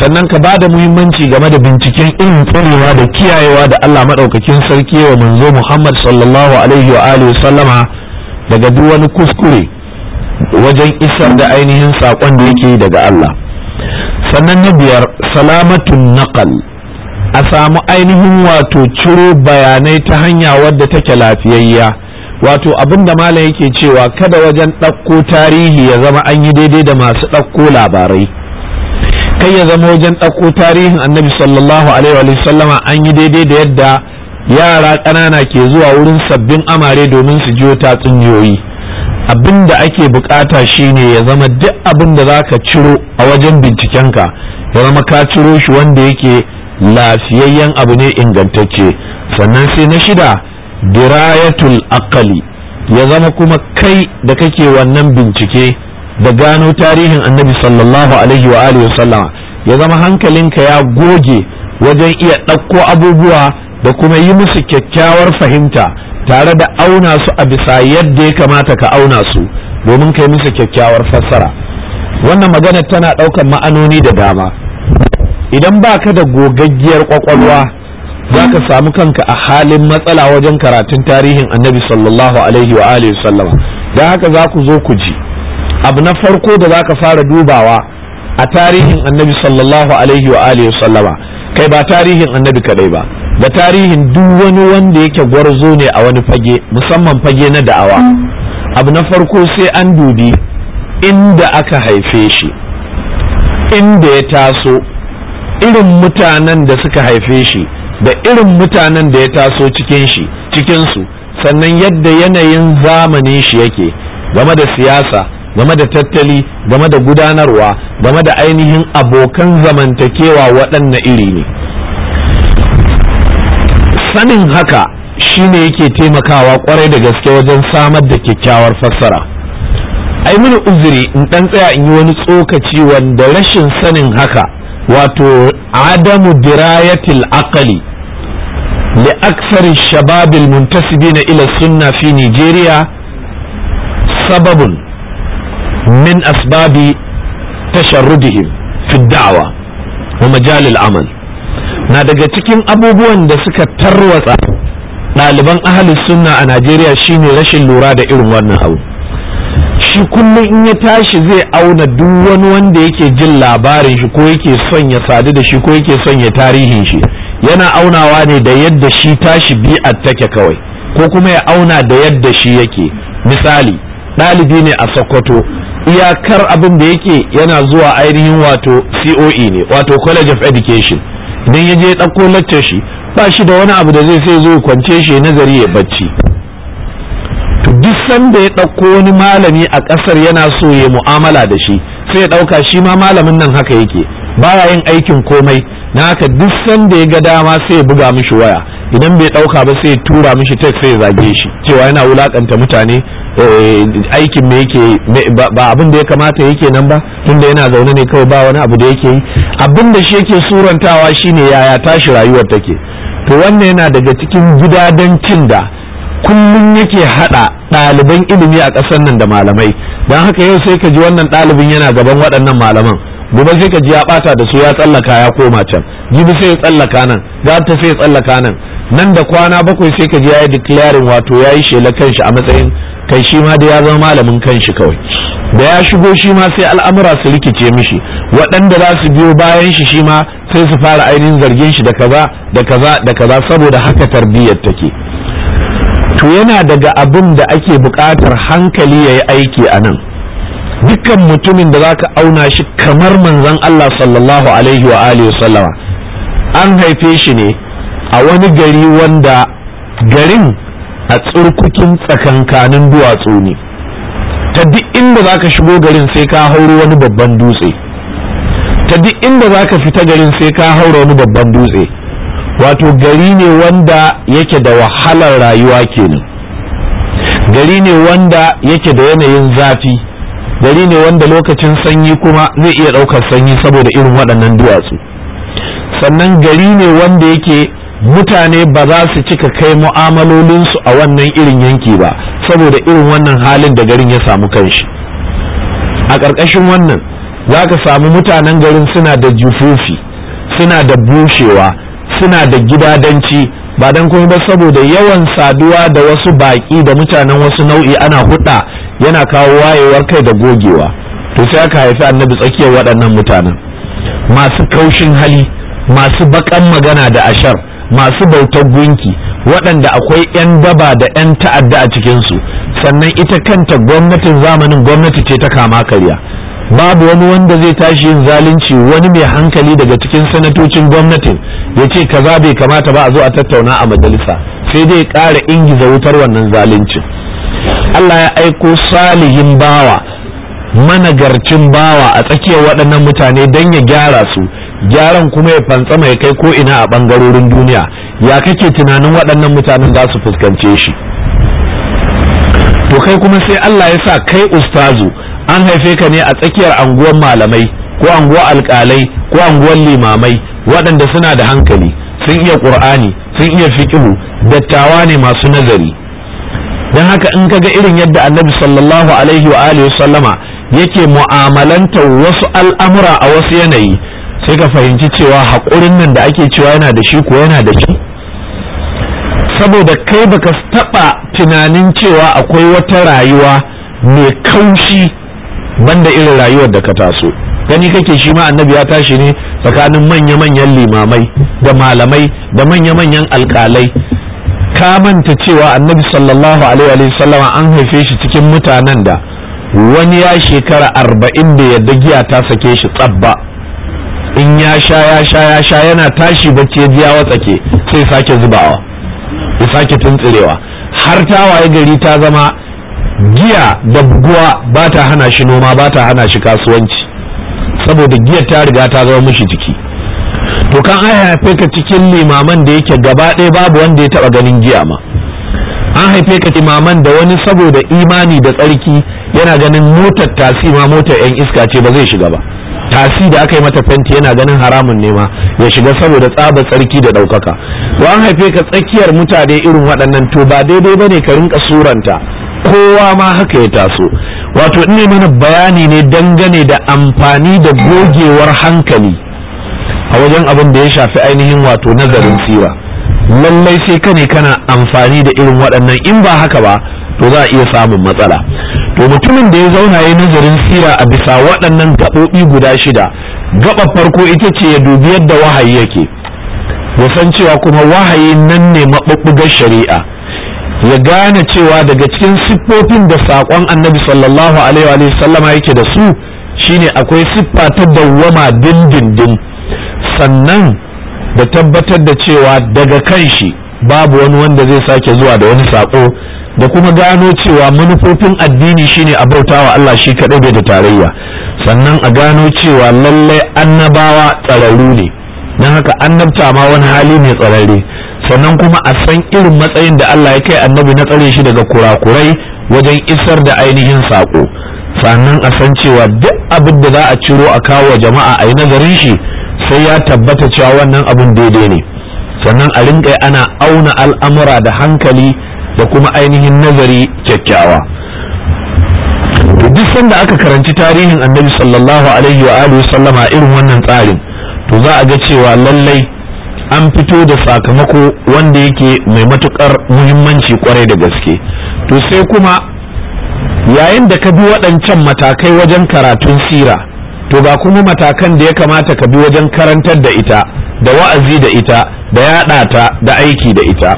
sannan ka ba da muhimmanci game da binciken irin tsarewa da kiyayewa da Allah maɗaukakin sarki wa manzo Muhammad sallallahu alaihi wa alihi sallama daga duk wani kuskure wajen isar da ainihin saƙon da yake daga Allah sannan na biyar salamatun naqal a samu ainihin wato ciro bayanai ta hanya wadda take lafiyayya wato abinda malam yake cewa kada wajen ɗauko tarihi ya zama an yi daidai da masu ɗauko labarai kai ya zama wajen ɗauko tarihin annabi sallallahu alaihi sallama an yi daidai da yadda yara ƙanana ke zuwa wurin sabbin amare domin su jiyo tatsuniyoyi abin da ake bukata shine ya zama duk abin da za ka ciro a wajen bincikenka ya zama ka ciro shi wanda yake lafiyayyen abu ne ingantacce sannan sai na shida birayatul akali ya zama kuma kai da kake wannan bincike da gano tarihin annabi sallallahu alaihi wa alihi ya zama hankalinka ya goge wajen iya ɗauko abubuwa da kuma yi musu kyakkyawar fahimta tare da auna su a bisa yadda ya kamata ka auna su domin kai musu kyakkyawar fassara wannan magana tana ɗaukar ma'anoni da dama idan ba ka da gogaggiyar kwakwalwa za ka samu kanka a halin matsala wajen karatun tarihin annabi sallallahu alaihi wa alihi sallama don haka za ku zo ku ji abu na farko da za ka fara dubawa a tarihin annabi sallallahu alaihi wa alihi sallama kai ba tarihin annabi kadai ba da tarihin duk wani wanda yake gwarzo ne a wani fage musamman fage na da'awa mm. abu na farko sai an dubi inda aka haife shi inda ya taso irin mutanen da suka haife shi da irin mutanen da ya taso cikin shi cikinsu sannan yadda yanayin zamanin shi yake game da siyasa game da tattali game da gudanarwa game da ainihin abokan zamantakewa waɗanne iri ne sanin haka shine yake taimakawa kwarai da gaske wajen samar da kyakkyawar fassara ai mini uzuri in ɗan tsaya in yi wani tsokaci wanda rashin sanin haka wato adamu dirayatil akali li aksar shababil al muntasibin ila sunna fi nigeria sababun min asbabi tasharrudihim fi da'wa wa majal amal na daga cikin abubuwan da suka tarwatsa ɗaliban ahalis sunna a najeriya shine rashin lura da irin wannan abu shi kullum in ya tashi zai auna duk wani wanda yake jin labarin shi ko yake son ya sadu da shi ko yake son ya tarihin shi yana aunawa ne da yadda shi tashi a take kawai ko kuma ya auna da yadda shi yake misali ɗalibi ne a sokoto iyakar abin da yake yana zuwa ainihin wato coe ne wato college of education idan ya je ɗauko laccar shi ba shi da wani abu da zai sai zo kwance shi nazari ya bacci to duk sanda ya ɗauko wani malami a ƙasar yana so ya mu'amala da shi sai ya ɗauka shi ma malamin nan haka yake baya yin aikin komai na haka duk sanda ya ga dama sai ya buga mishi waya idan bai dauka ba sai tura mishi tek sai zage shi cewa yana wulakanta mutane eh, aikin me yake ba abin da ya kamata yake nan ba tunda yana zaune ne kawai ba wani abu da yake yi abin da shi yake surantawa shine yaya tashi rayuwar take to wannan yana daga cikin gidadancin da kullum yake hada ɗaliban ilimi a ƙasar nan da malamai don haka yau sai ka ji wannan ɗalibin yana gaban waɗannan malaman gobe sai ka ji ya ɓata da su ya tsallaka ya koma can jibi sai ya tsallaka nan gata sai ya tsallaka nan nan da kwana bakwai sai ka ji ya yi declaring wato ya yi shela kanshi a matsayin kai shi ma da ya zama malamin kanshi kawai da ya shigo shi ma sai al'amura su rikice mishi waɗanda za su biyo bayan shi shi ma sai su fara ainihin zargin shi da kaza da kaza da kaza saboda haka tarbiyyar take to yana daga abin da ake buƙatar hankali ya yi aiki a nan dukkan mutumin da za ka auna shi kamar manzon Allah sallallahu alaihi wa alihi an haife shi ne a wani gari wanda garin a tsurkukin tsakankanin duwatsu ne ta duk inda za ka shigo garin sai ka hauro wani babban dutse ta duk inda za ka fita garin sai ka haura wani babban dutse wato gari ne wanda yake da wahalar rayuwa kenan gari ne wanda yake da yanayin zafi gari ne wanda lokacin sanyi kuma zai iya ɗaukar sanyi saboda irin waɗannan duwatsu sannan gari ne wanda yake mutane ba za su cika kai mu'amalolinsu a wannan irin yanki ba saboda irin wannan halin da garin ya samu kanshi a ƙarƙashin wannan za ka samu mutanen garin suna da jufufi suna da bushewa suna da gidadanci ba don kuma ba saboda yawan saduwa da wasu baƙi da mutanen wasu nau'i ana huɗa yana kawo wayewar kai da gogewa to sai aka haifi annabi tsakiyar waɗannan mutanen masu kaushin hali masu baƙan magana da ashar masu bautar gunki waɗanda akwai 'yan daba da 'yan ta'adda a cikinsu sannan ita kanta gwamnatin zamanin gwamnati ce ta kama karya babu wani wanda zai tashi yin zalunci wani mai hankali daga cikin sanatocin gwamnatin ya ce kaza bai kamata ba a zo a tattauna a majalisa sai dai ƙara ingiza wutar wannan zaluncin Allah ya aiko salihin bawa managarcin bawa a tsakiyar waɗannan mutane don ya gyara su gyaran kuma ya fantsama ya kai ko ina a bangarorin duniya ya kake tunanin waɗannan mutanen za su fuskance shi to kai kuma sai Allah ya sa kai ustazu an haife ka ne a tsakiyar anguwar malamai ko anguwar alƙalai ko anguwar limamai waɗanda suna da hankali sun iya ƙur'ani sun iya fiƙihu dattawa ne masu nazari don haka in kaga irin yadda annabi sallallahu alaihi wa alihi wasallama yake mu'amalantar wasu al'amura a wasu yanayi sai ka fahimci cewa haƙurin nan da ake cewa yana da shi ko yana da shi saboda kai baka taɓa tunanin cewa akwai wata rayuwa mai kaushi banda irin rayuwar da ka taso gani kake shi ma annabi ya tashi ne tsakanin manya-manyan limamai da malamai da manya-manyan alkalai ka manta cewa annabi sallallahu alaihi sallama an haife shi cikin mutanen da wani ya shekara arba'in da yadda giya ta sake shi tsabba in ya sha ya sha ya sha yana tashi bacci ji ya watsake sai sake zubawa ya sake tuntsirewa har ta waye gari ta zama giya da buguwa ba ta hana shi noma ba ta hana shi kasuwanci saboda giyar ta riga ta zama mishi jiki to kan an haife ka cikin limaman da yake gaba ɗaya babu wanda ya taba ganin giya ma an haife ka limaman da wani saboda imani da tsarki yana ganin motar tasi ma motar 'yan iska ce ba zai shiga ba tasi da aka yi mata fenti yana ganin haramun nema ya shiga saboda tsaba tsarki da ɗaukaka to an haife ka tsakiyar mutane irin waɗannan to ba daidai ba ne ka rinka suranta kowa ma haka ya taso wato ne mana bayani ne dangane da amfani da gogewar hankali a wajen abin da ya shafi ainihin wato nazarin tsira lallai sai ka ne kana amfani da irin waɗannan in ba haka ba to za a iya samun matsala to mutumin da ya zauna ya nazarin sira a bisa waɗannan gaɓoɓi guda shida gaɓar farko ita ce ya dubi yadda wahayi yake san cewa kuma wahayi nan ne maɓuɓɓugar shari'a ya gane cewa daga cikin siffofin da saƙon annabi sallallahu alaihi wa sallama yake da su shine akwai siffa ta dawwama dindindin sannan da tabbatar da cewa daga kan shi babu wani wanda zai sake zuwa da wani saƙo da kuma gano cewa manufofin addini shine a bauta wa Allah shi kaɗai bai da tarayya sannan a gano cewa lallai annabawa tsararru ne don haka annabta ma wani hali ne tsararre sannan kuma a san irin matsayin da Allah ya kai annabi na tsare shi daga kurakurai wajen isar da ainihin sako sannan a san cewa duk abin da za a ciro a kawo wa jama'a a yi nazarin shi sai ya tabbata cewa wannan abin daidai ne sannan a rinka ana auna al'amura da hankali da kuma ainihin nazari kyakkyawa duk sanda aka karanci tarihin annabi sallallahu alaihi wa alihi sallama irin wannan tsarin to za a ga cewa lallai an fito da sakamako wanda yake mai matukar muhimmanci kwarai da gaske to sai kuma yayin da ka bi waɗancan matakai wajen karatun sira to ga kuma matakan da ya kamata ka bi wajen karantar da ita da wa'azi da ita da yaɗa ta da aiki da ita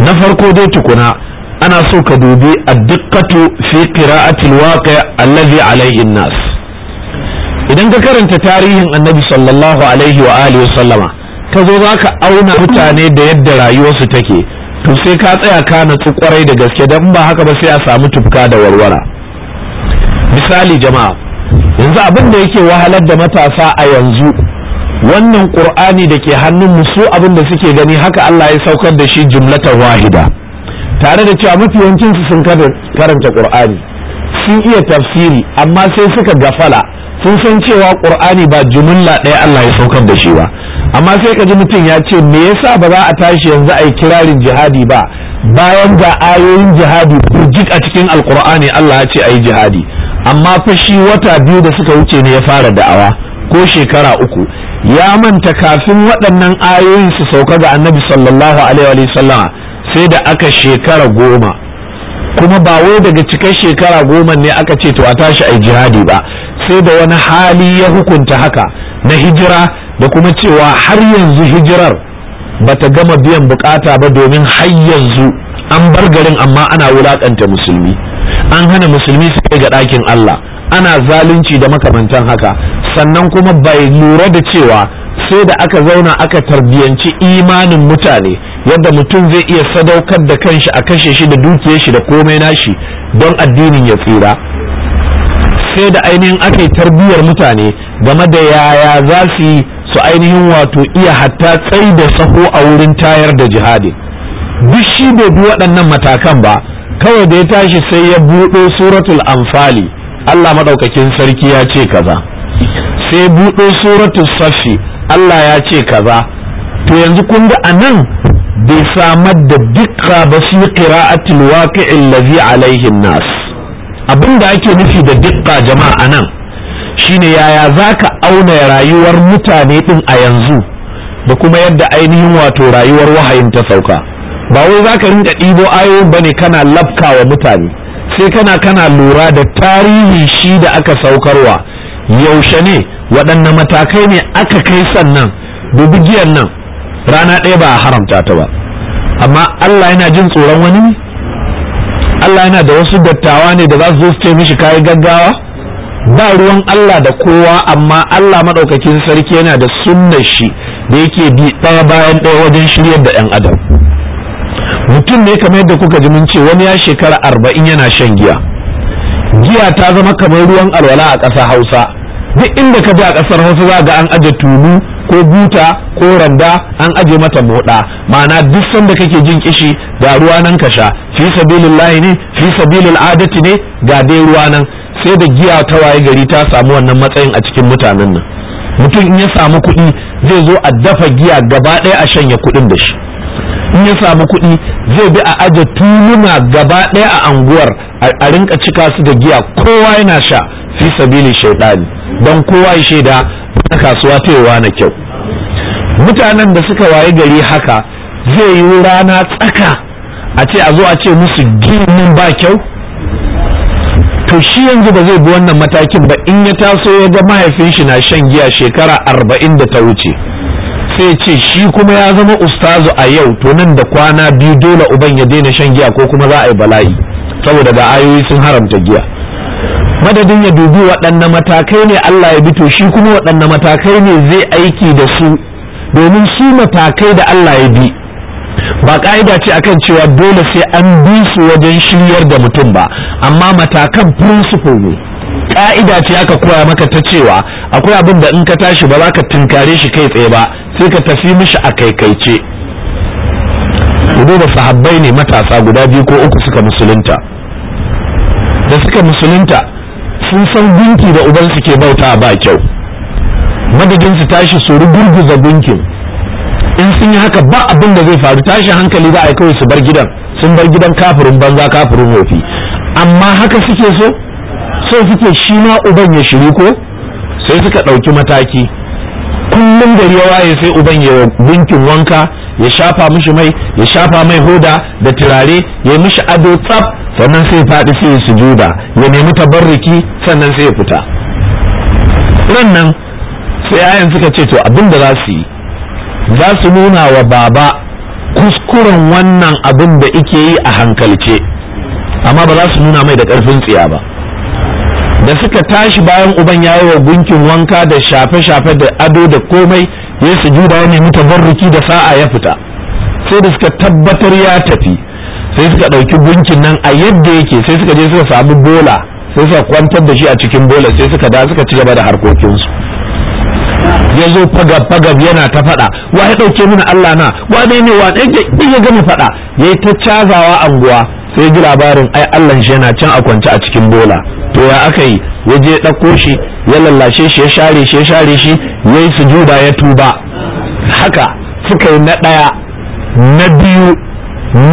na farko dai tukuna ana so ka dubi dukkatu fi qira'atil waqi' allazi alayhi nas idan ka karanta tarihin annabi sallallahu alaihi wa alihi sallama ka zo za ka auna mutane da yadda rayuwarsu take to sai ka tsaya ka natsu kwarai da gaske don ba haka ba sai a samu tufka da warwara misali jama'a yanzu abin da yake wahalar da matasa a yanzu wannan qur'ani da ke hannun mu su abin da suke gani haka Allah ya saukar da shi jumlata wahida tare da cewa mafi yankin su sun karanta qur'ani sun iya tafsiri amma sai suka gafala sun san cewa qur'ani ba jumla ɗaya Allah ya saukar da shi ba amma sai ka ji mutum ya ce me yasa ba za a tashi yanzu a yi kirarin jihadi ba bayan ga ayoyin jihadi burjik a cikin alqur'ani Allah ya ce a yi jihadi amma fa shi wata biyu da suka wuce ne ya fara da'awa ko shekara uku ya manta kafin waɗannan ayoyin su sauka ga annabi sallallahu alaihi sallam sai da aka shekara goma kuma ba wai daga cikar shekara goma ne aka ce to a tashi a jihadi ba sai da wani hali ya hukunta haka na hijira da kuma cewa har yanzu hijirar ba ta gama biyan bukata ba domin har yanzu an bar garin amma ana wulakanta musulmi an hana musulmi su kai ga ɗakin Allah ana zalunci da makamantan haka sannan kuma bai lura da cewa sai da aka zauna aka tarbiyanci imanin mutane yadda mutum zai iya sadaukar da kanshi a kashe shi da dukiyar shi da komai nashi don addinin ya tsira sai da ainihin aka yi tarbiyyar mutane game da yaya za su yi su ainihin wato iya hatta tsai da saho a wurin tayar da jihadi duk shi bai bi waɗannan matakan ba kawai da ya tashi sai ya buɗo suratul amfali Allah maɗaukakin sarki ya ce kaza. sai buɗe suratul safi Allah ya ce kaza to yanzu kun ga anan bai samar da dukka ba su yi qira'atul waqi'il ladhi alaihi nas abinda ake nufi da dukka jama'a anan shine yaya zaka auna rayuwar mutane ɗin a yanzu da kuma yadda ainihin wato rayuwar wahayin ta sauka ba wai zaka rinka ɗibo ayoyin bane kana wa mutane sai kana kana lura da tarihi shi da aka saukarwa yaushe ne waɗanne matakai ne aka kai sannan dubi giyan nan rana ɗaya ba a haramta ta ba amma Allah yana jin tsoron wani ne Allah yana da wasu dattawa ne da za su zo su ce mishi kayi gaggawa ba ruwan Allah da kowa amma Allah maɗaukakin sarki yana da sunnar shi da yake bi ɗaya bayan ɗaya wajen shiryar da 'yan adam mutum ne kamar yadda kuka ji mun ce wani ya shekara arba'in yana shan giya giya ta zama kamar ruwan alwala a ƙasar hausa duk inda ka je a ƙasar hausa za ga an aje tulu ko buta ko randa an aje mata moɗa ma'ana duk sanda kake jin kishi ga ruwa nan ka sha fi sabilillahi ne fi sabilil adati ne ga dai ruwa nan sai da giya ta waye gari ta samu wannan matsayin a cikin mutanen nan mutum in ya samu kuɗi zai zo a dafa giya gaba ɗaya a shanya kuɗin da shi in ya samu kuɗi zai bi a aje tuluna gaba ɗaya a anguwar a rinka cika su da giya kowa yana sha fi sabili shaidani don kowa ya shaida na kasuwa taiwa na kyau mutanen da suka waye gari haka zai yi rana tsaka a ce a zo a ce musu ginin ba kyau to shi yanzu ba zai bi wannan matakin ba in ya taso ya ga mahaifin shi na shan giya shekara arba'in da ta wuce sai ce shi kuma ya zama ustazu a yau to nan da kwana biyu dole uban ya daina shan giya ko kuma za a yi bala'i saboda ga ayoyi sun haramta giya madadin ya dubi waɗanne matakai ne Allah ya bi to shi kuma waɗanne matakai ne zai aiki da su domin su matakai da Allah ya bi ba ka'ida ce akan cewa dole sai an bi su wajen shiryar da mutum ba amma matakan principle ne ka'ida ce aka koya maka ta cewa akwai abin da in ka tashi ba za ka tunkare shi kai tsaye ba sai ka tafi mishi a kaikaice da sahabbai ne matasa guda biyu ko uku suka musulunta da suka musulunta sun san gunki da uban suke bauta ba kyau madadin su tashi su rugurguza gunkin in sun yi haka ba abin da zai faru tashi hankali ba a kawai su bar gidan sun bar gidan kafirin banza kafirin hofi amma haka suke so so suke shi ma uban ya shiru ko sai suka ɗauki mataki kullum yawa ya waye sai uban ya binkin wanka ya shafa mishi mai ya shafa mai hoda da turare ya yi mishi ado tsaf sannan sai faɗi sai ya sujuda ya nemi tabarriki sannan sai ya fita ran nan sai ayan suka ce to abin da za su yi za su nuna wa baba kuskuren wannan abin da ike yi a hankalce amma ba za su nuna mai da ƙarfin tsiya ba da suka tashi bayan uban ya wa gunkin wanka da shafe-shafe da ado da komai ya sujuda ya nemi tabarruki da sa'a ya fita sai da suka tabbatar ya tafi sai suka ɗauki gunkin nan a yadda yake sai suka je suka samu bola sai suka kwantar da shi a cikin bola sai suka da suka ci gaba da harkokinsu ya zo fagab fagab yana ta faɗa wa ya ɗauke mini Allah na wa ne ne wa ɗaya ya gama faɗa ya yi ta cazawa anguwa sai ji labarin ai Allah shi yana can a kwance a cikin bola to ya aka yi waje ya je ɗauko shi ya lallashe shi ya share shi ya share shi ya yi sujuda ya tuba haka suka yi na ɗaya na biyu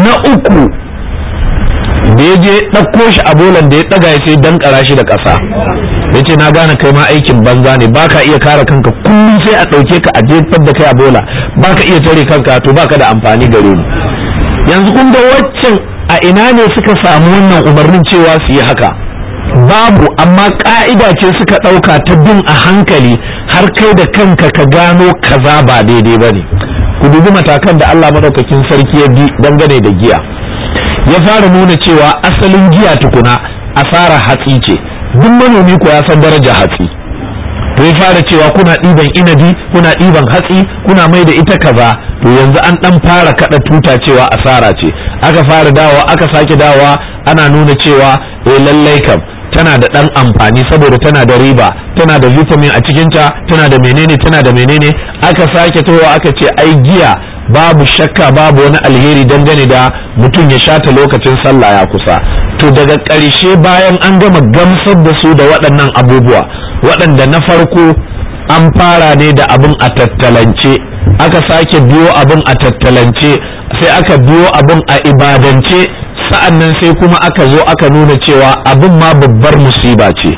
na uku da ya je ɗauko shi a bolan da ya ɗaga ya sai dankara shi da ƙasa ya ce na gane kai ma aikin banza ne ba ka iya kare kanka kullum sai a ɗauke ka a jefar da kai a bola ba ka iya tare kanka to ba ka da amfani gare mu yanzu kun da waccan a ina ne suka samu wannan umarnin cewa su yi haka babu amma ƙa'ida ce suka ɗauka ta bin a hankali har kai da kanka ka gano kaza ba daidai ba ne ku dubi matakan da Allah maɗaukakin sarki ya bi dangane da giya ya fara nuna cewa asalin giya tukuna asara hatsi ce duk manomi ku ya san daraja hatsi to ya fara cewa kuna ɗiban inabi kuna ɗiban hatsi kuna mai da ita kaza to yanzu an ɗan fara kaɗa tuta cewa asara ce aka fara dawa aka sake dawa ana nuna cewa e lallai kam tana da ɗan amfani saboda tana da riba tana da vitamin a cikinta tana da menene tana da menene aka sake towa aka ce ai giya babu shakka babu wani alheri dangane da mutum ya sha ta lokacin sallah ya kusa to daga ƙarshe bayan an gama gamsar da su da waɗannan abubuwa waɗanda na farko an fara ne da abin a tattalance aka sake biyo abin a tattalance sai aka biyo abin a ibadance sa'an nan sai kuma aka zo aka nuna cewa abin ma babbar musiba ce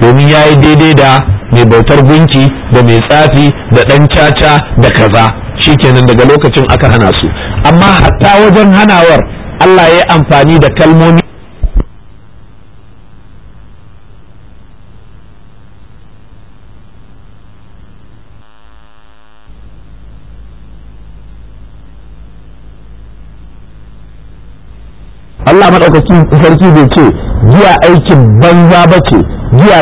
domin ya yi daidai da mai bautar gunki da mai tsafi da ɗan caca da kaza shikenan daga lokacin aka hana su amma hatta wajen hanawar Allah ya yi amfani da kalmomi Allah madaukakin sarki bai ce giya aikin banza ba ce giya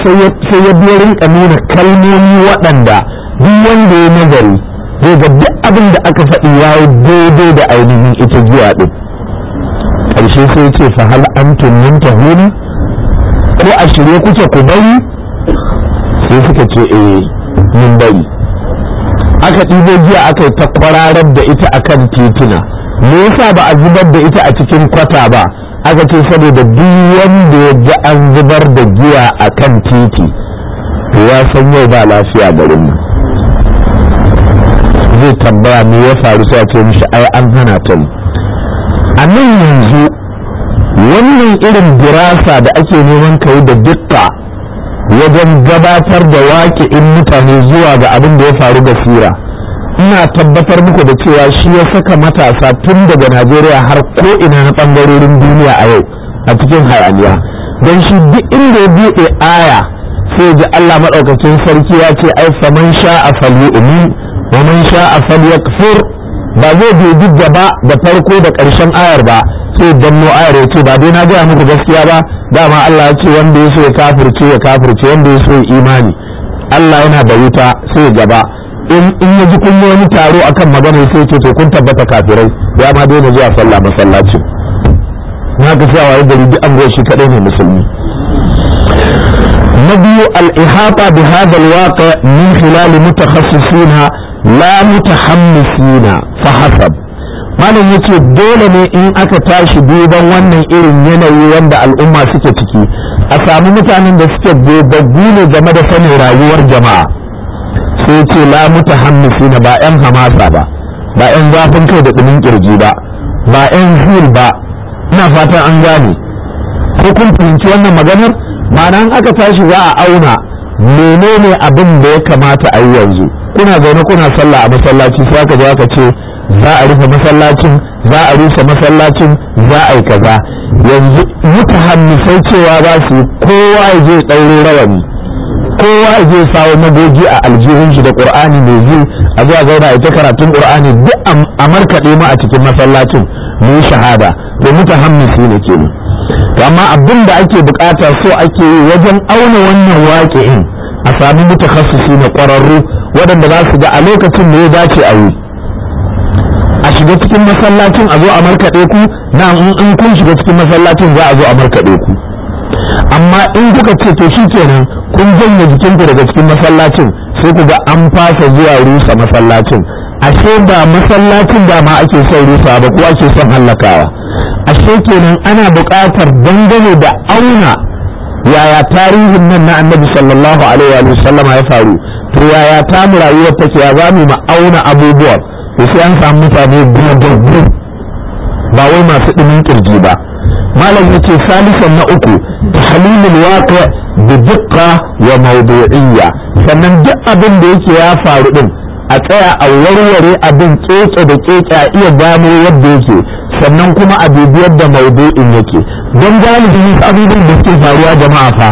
sai ya biyo rinka nuna kalmomi waɗanda duk wanda ya nazari zai ga duk abin da aka faɗi ya yi daidai da ainihin ita giya ɗin ƙarshe sai ce fa hal antum huni, ko a shirye kuke ku bari sai suka ce eh mun bari aka ɗibo giya aka yi ta kwararar da ita akan tituna me yasa ba a zubar da ita a cikin kwata ba aka ce saboda duk wanda ya ji an zubar da giya a kan titi to ya san yau ba lafiya garin mu zai tambaya me ya faru sai a ce mishi ai an hana ta a nan yanzu wannan irin girasa da ake neman kai da dukka wajen gabatar da waƙe in mutane zuwa ga abin da ya faru da ina tabbatar muku da cewa shi ya saka matasa tun daga najeriya har ko ina na ɓangarorin duniya a yau a cikin hayaniya don shi duk inda ya buɗe aya sai ji allah maɗaukacin sarki ya ce ai faman sha a fali wa man sha a fali ya ba zai dubi gaba da farko da ƙarshen ayar ba sai danno ayar ya ce ba dai na gaya muku gaskiya ba dama allah ya ce wanda ya so ya kafirce ya kafirce wanda ya so ya imani allah yana da wuta sai gaba in ya ji kun wani taro akan maganar sai ce to kun tabbata kafirai ya ma daina zuwa sallah masallacin na ga sai wayi gari rubi an shi kadai ne musulmi na biyu al-ihata bi hadha al-waqi min khilal mutakhassisina la mutahammisina fa hasab malam yace dole ne in aka tashi duban wannan irin yanayi wanda al'umma suke ciki a sami mutanen da suke gobaggu ne game da sanin rayuwar jama'a sai ce la muta hannu ba 'yan hamasa ba ba 'yan zafin kai da ɗumin kirji ba ba 'yan hil ba ina fatan an gane ko kun fahimci wannan maganar ma'ana in aka tashi za a auna menene abin da ya kamata a yi yanzu kuna zaune kuna sallah a masallaci sai aka zo aka ce za a rufe masallacin za a rufe masallacin za a yi kaza yanzu sai cewa za su kowa ya je ɗaure rawani kowa zai sawo magogi a aljihun shi da qur'ani mai zai a zuwa zauna ita karatun qur'ani duk a markaɗe ma a cikin masallacin mu shahada to su ne kenan to amma abin da ake bukata so ake yi wajen auna wannan waƙi'in a sami mutakhassisi na ƙwararru waɗanda za su ga a lokacin da ya dace a yi a shiga cikin masallacin a zo a markaɗe ku na in kun shiga cikin masallacin za a zo a markaɗe ku amma in kuka ce to shi kenan kun janye jikinku daga cikin masallacin sai ku ga an fasa zuwa rusa masallacin ashe ba masallacin da ma ake son rusa ba ko ake son hallakawa ashe kenan ana buƙatar dangane da auna yaya tarihin nan na annabi sallallahu alaihi wa sallama ya faru to yaya ta mu rayuwar take ya zamu ma auna abubuwa to sai an samu mutane gudu ba wai masu ɗumin kirji ba malam yace salisan na uku tahlilul waqi bi dukka wa mawdu'iyya sannan duk abin da yake ya faru din a tsaya a warware abin keke da keke a iya gano yadda yake sannan kuma a dubi yadda maudu'in yake don galibin abubuwan da suke faruwa jama'a fa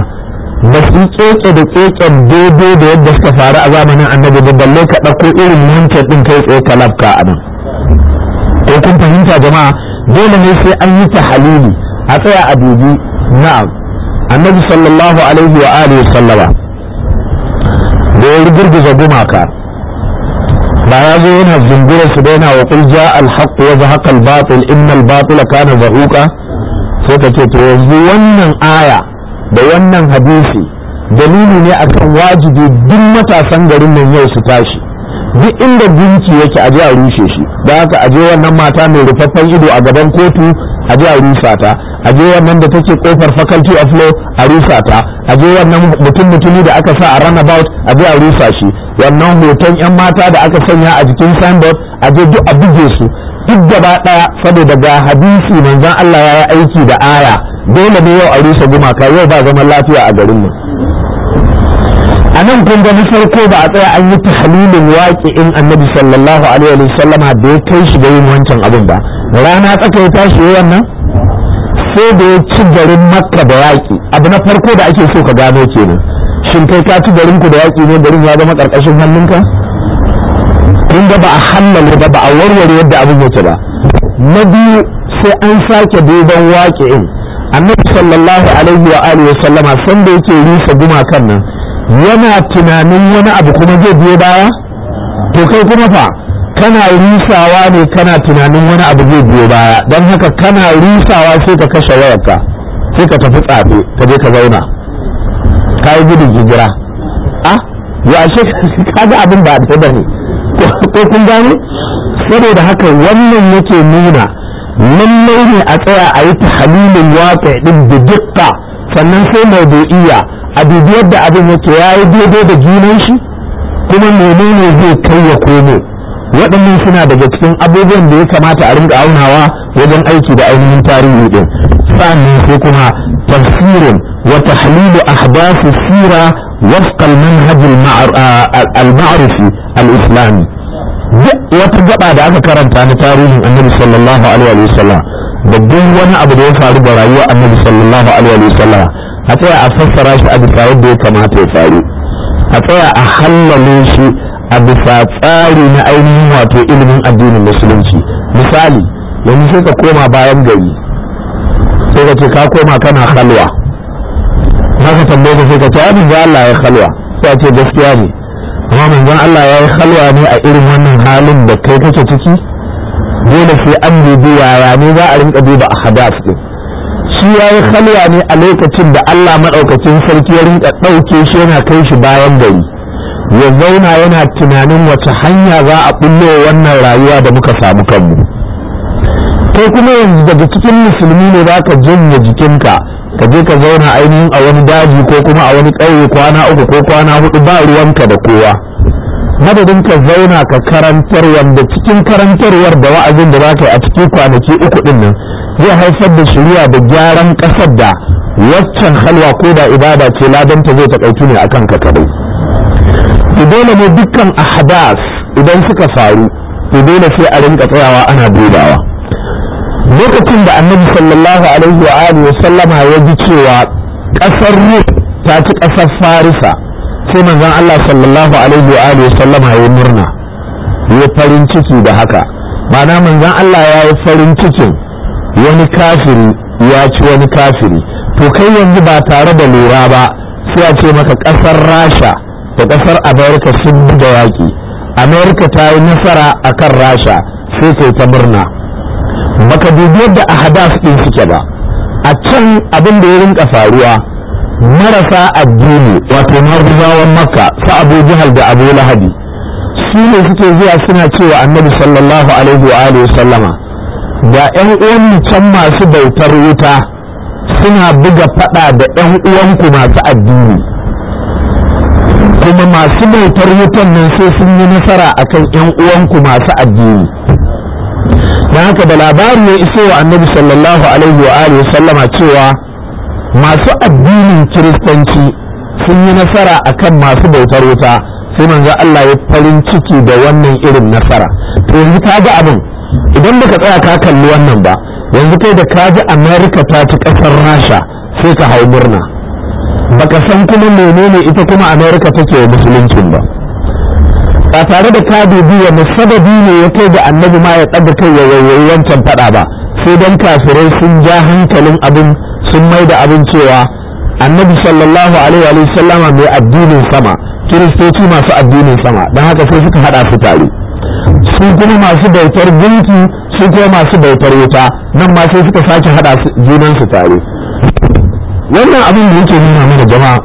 ba su keke da keke dodo da yadda suka faru a zamanin annabi da balle ka ɗauko irin yankin ɗin kai tsaye kalabka a nan ko kun fahimta jama'a dole ne sai an yi tahalili a tsaya a dubi na'am annabi sallallahu alaihi wa alihi sallama da ya girgiza gumaka ba ya zo yana zungurar su daina wa qul jaa al haqq wa zahaqa al batil inna al batila kana zahuqa sai ka ce to yanzu wannan aya da wannan hadisi dalili ne akan wajibi duk matasan garin nan yau su tashi duk inda gunki yake aje a rushe shi da haka aje wannan mata mai rufaffen ido a gaban kotu aje a rusa ta aje wannan da take kofar faculty of law a rusa ta aje wannan mutum mutumi da aka sa a runabout aje a rusa shi wannan hoton yan mata da aka sanya a jikin signboard aje duk a buge su duk gaba daya saboda ga hadisi manzon Allah ya yi aiki da aya dole ne yau a rusa gumaka yau ba zaman lafiya a garin mu a nan kun ga na farko ba a tsaya an yi tahlilin waƙi in annabi sallallahu alaihi wa sallama da ya kai shi da yin wancan abin ba rana tsaka ya tashi wannan sai da ya ci garin makka da yaƙi abu na farko da ake so ka gano kenan shin kai ka ci garin ku da yaƙi ne garin ya zama ƙarƙashin hannunka kun ba a hallala ba ba a warware yadda abin yake ba na biyu sai an sake duban waƙi'in annabi sallallahu alaihi wa alihi wa sallama san da yake rusa gumakan nan yana tunanin wani abu kuma zai biyo baya to kai kuma fa kana rusawa ne kana tunanin wani abu zai biyo baya don haka kana rusawa sai ka kashe wayarka sai ka tafi tsafe ka je ka zauna ka yi gudun hijira A ah, ya ashe ga abin ba da ne ko kun gane saboda haka wannan yake nuna lallai ne a tsaya a yi tahalilin waƙe din da dukka sannan sai mai maudu'iyya a dubi da abin yake ya yi daidai da junan shi kuma menene zai kai ya komo waɗannan suna daga cikin abubuwan da ya kamata a rinka aunawa wajen aiki da ainihin tarihi din sannan sai kuma tafsirin wa tahlilu ahdathi sira wafqa al-manhaj al-ma'rufi al-islami duk wata gaba da aka karanta na tarihin annabi sallallahu alaihi da duk wani abu da ya faru da rayuwar annabi sallallahu alaihi a tsaya a fassara shi a bisa yadda ya kamata ya faru a tsaya a hallale shi a bisa tsari na ainihin wato ilimin addinin musulunci misali yanzu sai ka koma bayan gari sai ka ce ka koma kana halwa haka tambaye ka sai ka ce ya manzo Allah ya halwa sai a ce gaskiya ne amma manzon Allah ya yi halwa ne a irin wannan halin da kai kake ciki dole sai an dubi yaya ne za a rinka duba a hadas din shi ya yi halwa ne a lokacin da Allah maɗaukacin sarki ya rinka ɗauke shi yana kai shi bayan gari ya zauna yana tunanin wace hanya za a ɓullo wannan rayuwa da muka samu kanmu kai kuma yanzu daga cikin musulmi ne za ka janye jikinka ka je ka zauna ainihin a wani daji ko kuma a wani ƙauye kwana uku ko kwana hudu ba ruwanka da kowa madadin ka zauna ka karantar wanda cikin karantarwar da wa'azin da za ka yi a cikin kwanaki uku ɗin nan zai haifar da shari'a da gyaran ƙasar da waccan halwa ko da ibada ce ladanta zai taƙaitu ne akan ka kadai to dole ne dukkan ahdas idan suka faru to dole sai a rinka tsayawa ana dubawa lokacin da annabi sallallahu alaihi wa alihi sallama ya ji cewa ƙasar rum ta ci ƙasar farisa sai manzon Allah sallallahu alaihi wa alihi sallama ya murna ya farin ciki da haka ma'ana manzon Allah ya yi farin cikin wani kafiri ya ci wani kafiri to kai yanzu ba tare da lura ba sai a ce maka ƙasar rasha da ƙasar amerika sun buga yaƙi amerika ta yi nasara a kan rasha sai kai ta murna baka dubi yadda a hadas ɗin suke ba a can abin da ya rinka faruwa marasa addini wato maguzawan makka sa abu jihar da abu lahadi su ne suke zuwa suna cewa annabi sallallahu alaihi wa alihi sallama Da 'yan uwan can masu bautar wuta suna buga fada da 'yan uwanku masu addini kuma masu bautar wutan nan sai sun yi nasara akan 'yan uwanku masu addini don haka da labarin ya iso wa annabi sallallahu alaihi wa sallama cewa masu addinin kiristanci sun yi nasara akan masu bautar wuta sai manzo Allah ya farin ciki da wannan irin nasara to yanzu ka ga abin idan baka tsaya ka kalli wannan ba yanzu kai da ka ji amerika ta ci kasar rasha sai ka hau murna baka san kuma menene ita kuma amerika take wa musuluncin ba ba tare da ka dubi wani sababi ne ya kai da annabi ma ya tsaga kai ya wayoyi wancan fada ba sai dan kafirai sun ja hankalin abin sun mai da abin cewa annabi sallallahu alaihi wa sallama mai addinin sama kiristoci masu addinin sama don haka sai suka hada su tare su kuma masu bautar gunki su kuma masu bautar wuta nan ma sai suka sake haɗa junan su tare wannan abin da yake nuna mana jama'a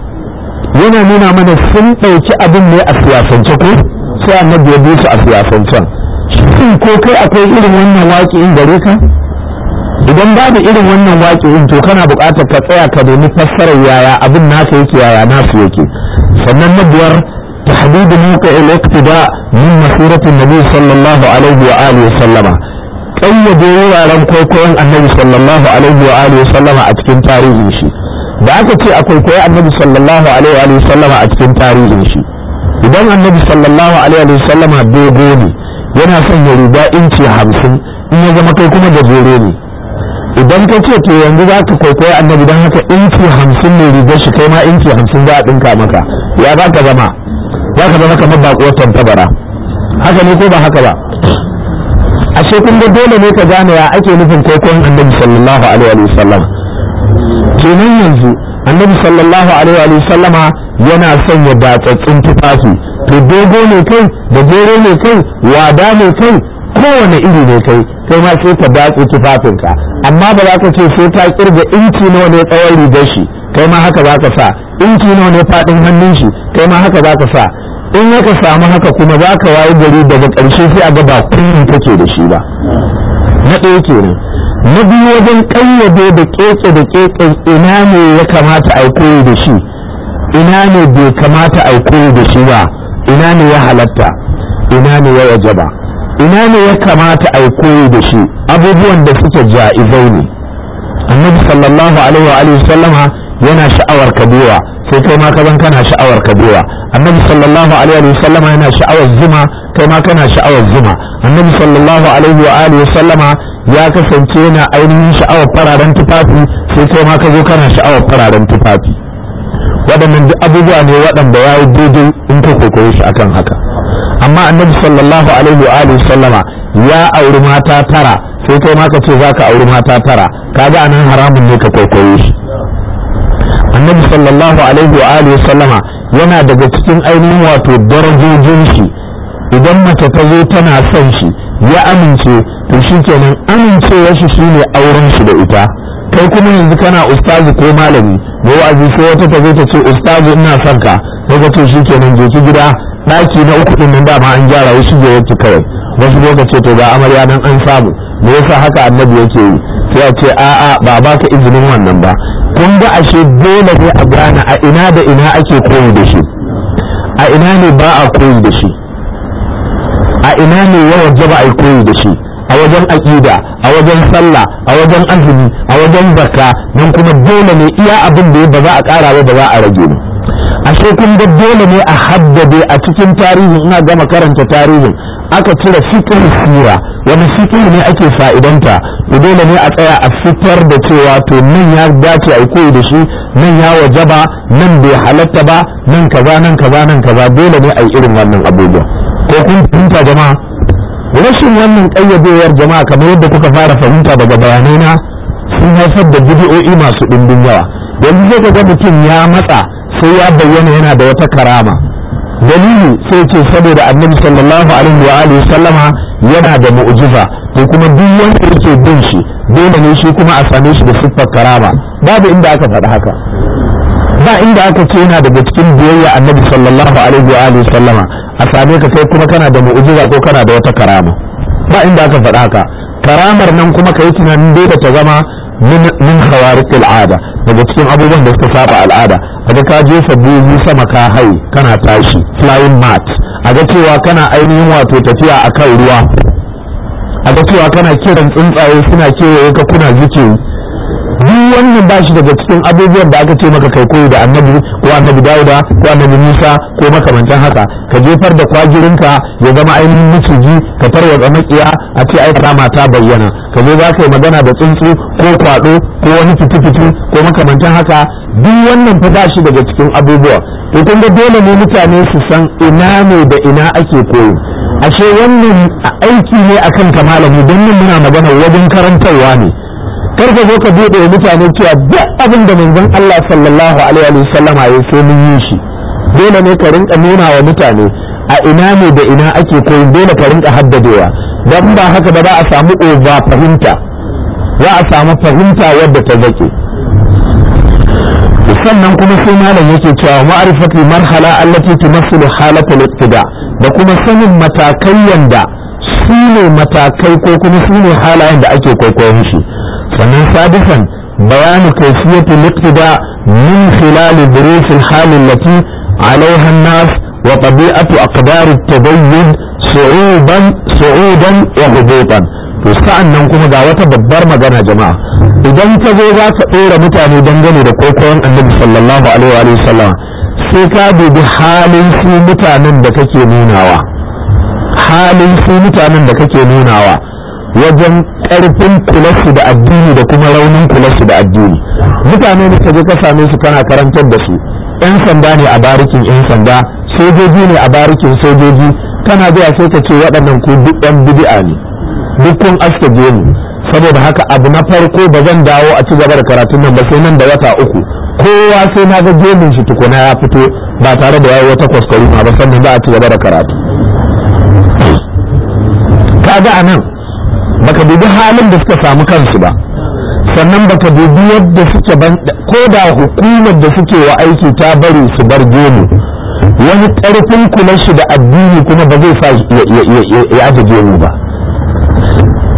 yana nuna mana sun ɗauki abin ne a siyasance ko sai annabi ya bi su a siyasancen shin ko kai akwai irin wannan waki in gare ka idan babu irin wannan waki in to kana bukatar ka tsaya ka domin fassarar yaya abin naka yake yaya nasu yake sannan mabuwar. تحديد موقع الاقتداء من مسيرة النبي صلى الله عليه وآله وسلم قيد wuraren kwaikwayon annabi sallallahu alaihi wa alihi sallama a cikin tarihin shi da aka ce a kwaikwayi annabi sallallahu alaihi wa alihi sallama a cikin tarihin shi idan annabi sallallahu alaihi wa sallama dogo ne yana son ya riga inci hamsin in ya zama kai kuma gajere ne idan ka ce to yanzu za ka kwaikwayi annabi don haka inci hamsin ne rigar shi kai ma inci hamsin za a ɗinka maka ya za ka zama za ka zama kamar bakuwar tabara haka ne ko ba haka ba a shekun da dole ne ka gane ya ake nufin kokon annabi sallallahu alaihi wa sallam kenan yanzu annabi sallallahu alaihi wa sallama yana sanya datsattsun tufafi to dogo ne kai da gero ne kai wada ne kai kowane iri ne kai kai ma sai ka datse tufafinka amma ba za ka ce sai ta kirga inci nawa ne tsawon rigar shi kai ma haka za ka sa inci nawa ne faɗin hannun shi kai ma haka za ka sa in ka samu haka kuma za ka wayi gari daga ƙarshe sai a ga ba kullum kake da shi ba na ɗaya kenan na biyu wajen ƙayyade da ƙeƙe da ƙeƙe ina ne ya kamata a koyi da shi ina ne bai kamata a koyi da shi ba ina ne ya halatta ina ne ya ba? ina ne ya kamata a koyi da shi abubuwan da suke ja'izai ne annabi sallallahu alaihi wa sallama yana sha'awar kabewa sai kai ma ka zan kana sha'awar kabewa annabi sallallahu alaihi wa sallama yana sha'awar zuma kai ma kana sha'awar zuma annabi sallallahu alaihi wa alihi sallama ya kasance yana ainihin sha'awar fararen tufafi sai kai ma ka zo kana sha'awar fararen tufafi waɗannan duk abubuwa ne waɗanda ya yi daidai in ka kokoye shi akan haka amma annabi sallallahu alaihi wa alihi sallama ya auri mata tara sai kai ma ka ce za ka auri mata tara kaga anan haramun ne ka kwaikwayo shi annabi sallallahu alaihi wa alihi sallama yana daga cikin ainihin wato darajojin shi idan mace ta zo tana son shi ya amince to shikenan amincewar shi shine auren shi da ita kai kuma yanzu kana ustazi ko malami ba wa'azi sai wata ta zo ta ce ustazi ina son ka daga to shikenan je ki gida daki na uku din nan dama an gyara wasu je yake kawai wasu lokaci to ga amarya nan an samu me yasa haka annabi yake yi sai a ce a'a ba ba ka izinin wannan ba kun ga ashe dole sai a gane a ina da ina ake koyi da shi a ina ne ba a koyi da shi a ina ne ya wajaba a koyi da shi a wajen aƙida a wajen sallah a wajen azumi a wajen zakka nan kuma dole ne iya abin da ba za a ƙara ba ba za a rage ba ashe kun da dole ne a haddade a cikin tarihi ina gama karanta tarihin aka cire fiqh sura wani fiqh ne ake fa'idanta dole ne a tsaya a fitar da cewa to nan ya dace a koyi da shi nan ya wajaba nan bai halatta ba nan kaza nan kaza nan kaza dole ne a yi irin wannan abubuwa ko kun fahimta jama'a rashin wannan kayyadewar jama'a kamar yadda kuka fara fahimta daga bayanai na sun haifar da bidiyo'i masu dimbin yawa yanzu zai ga mutum ya matsa sai ya bayyana yana da wata karama dalili sai ce saboda annabi sallallahu alaihi wa alihi sallama yana da mu'jiza to kuma duk wanda yake bin shi dole ne shi kuma a same shi da siffar karama babu inda aka faɗi haka ba inda aka ce yana daga cikin biyayya annabi sallallahu alaihi wa alihi sallama a same ka sai kuma kana da mu'jiza ko kana da wata karama ba inda aka faɗi haka karamar nan kuma ka yi tunanin dole ta zama min khawariqil ada daga cikin abubuwan da suka saba al'ada kaga ka jefa buhu sama ka hai kana tashi flying mat a ga cewa kana ainihin wato tafiya akan ruwa a ga cewa kana kiran tsuntsaye suna kewaye ka kuna zuke duk wannan ba shi daga cikin abubuwan da aka ce maka kai koyi da annabi ko annabi dauda ko annabi musa ko makamancin haka ka jefar da kwajirinka ya zama ainihin miciji ka tarwatsa makiya a ce ai mata ta bayyana ka zo za ka yi magana da tsuntsu ko kwado ko wani fitifiti ko makamancin haka duk wannan fa ba shi daga cikin abubuwa to kun ga dole ne mutane su san ina ne da ina ake koyi ashe wannan aiki ne akan kamalami don nan muna magana wajen karantarwa ne karfe zo ka bude wa mutane cewa duk abin da manzon Allah sallallahu alaihi wasallama ya sai mun yi shi dole ne ka rinka nuna wa mutane a ina ne da ina ake koyi dole ka rinka haddadewa dan ba haka ba za a samu over fahimta za a samu fahimta wadda ta zake sannan kuma sai malam yake cewa ma'rifatu marhala allati tumassilu halatul ibtida da kuma sanin matakai yanda su ne matakai ko kuma su ne halayen da ake kwaikwayon shi sannan sadisan bayanu kayfiyati liqtida min khilal duruf al burushin allati alaiha an-nas wa tabi'atu aqdar at-tabayyun su'udan wa hubutan to sa'an nan kuma ga wata babbar magana jama'a idan ka zo za ka ɗora mutane dangane da kwaikwayon annabi sallallahu alaihi wa sallam sai ka dubi halin halin su mutanen da kake nunawa wajen ƙarfin kulasu da addini da kuma raunin kulasu da addini mutane ne ka je ka same su kana karantar da su yan sanda ne a barikin yan sanda sojoji ne a barikin sojoji kana zuwa sai ka ce waɗannan ku duk yan bid'a ne duk kun aske gemu saboda haka abu na farko ba zan dawo a ci gaba da karatun nan ba sai nan da wata uku kowa sai na ga gemun shi tukuna ya fito ba tare da yayi wata ma ba sannan za a ci gaba da karatu kaga anan baka dubi halin da suka samu kansu ba sannan baka dubi yadda suke ko da hukumar da suke wa aiki ta bari su bar gemu wani ƙarfin kular shi da addini kuma ba zai sa ya aje gemu ba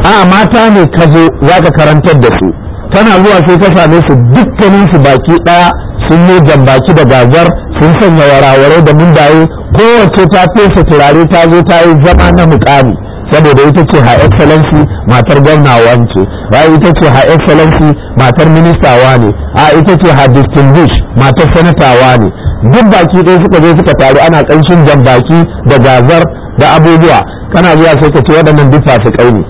a mata ne ka zo za ka karantar da su tana zuwa sai ta same su dukkanin su baki ɗaya sun yi jambaki da gagar sun sanya warawarai da mundaye kowace ta fesa turare ta zo ta yi zama na muƙami saboda ita ce ha excellency matar gwamna wance ba ita ce ha excellency matar minista ne a ita ce ha distinguish matar sanatawa ne duk baki ɗaya suka zo suka taru ana ƙanshin jan baki da gazar da abubuwa kana zuwa sai ka ce waɗannan duk fasikai ne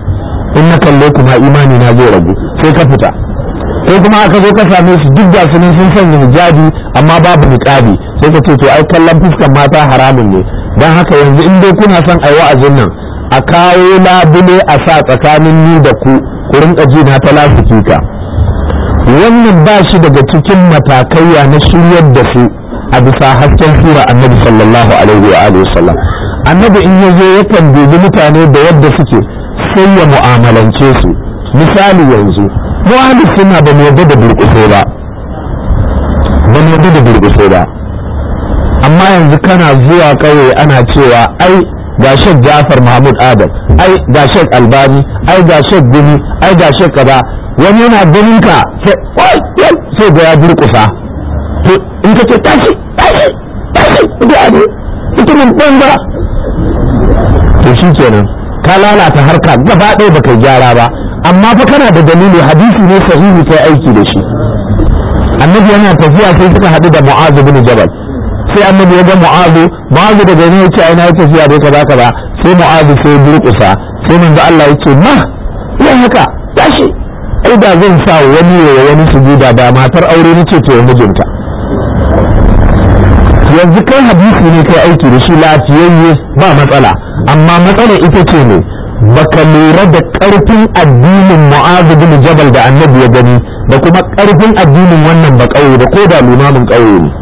in na kalle kuma imani na zai ragu sai ka fita sai kuma aka zo ka same su duk da sunan sun sanya hijabi amma babu niqabi sai ka ce to ai kallon fuskar mata haramun ne dan haka yanzu in dai kuna son ai wa'azin nan a kawo labule a sa tsakanin ni da ku ku rinka ji na ta ka wannan ba shi daga cikin matakaiya na shiryar da su a bisa hasken sura annabi sallallahu alaihi wa sallam. annabi in yazo yakan tambayi mutane da yadda suke sai ya mu'amalance su misali yanzu mu suna da ba mu yadda da burkusai ba ba mu da burkusai ba amma yanzu kana zuwa ƙauye ana cewa ai ga shek jafar mahmud adam ai ga shek albani ai ga shek gumi ai ga shek kaza wani yana ganin ka sai da ya durkusa to in ka ce tashi tashi tashi da ne mutumin banza to shi kenan ka lalata harka gaba ɗaya baka gyara ba amma fa kana da dalili hadisi ne sahihi sai aiki da shi annabi yana tafiya sai suka haɗu da mu'azu bin jabal sai annabi ya ga mu'azu mu'azu daga ne yace ai na yi tafiya dai kaza kaza sai mu'azu sai durƙusa sai manzo Allah yake ma ya haka tashi ai da zan sa wani ya wani sujuda da matar aure nace to ya mijinta yanzu kai hadisi ne kai aiki da shi lafiyayye ba matsala amma matsala ita ce ne baka lura da karfin addinin mu'azu bin jabal da annabi ya gani da kuma karfin addinin wannan ba da ko da limamin kauye ne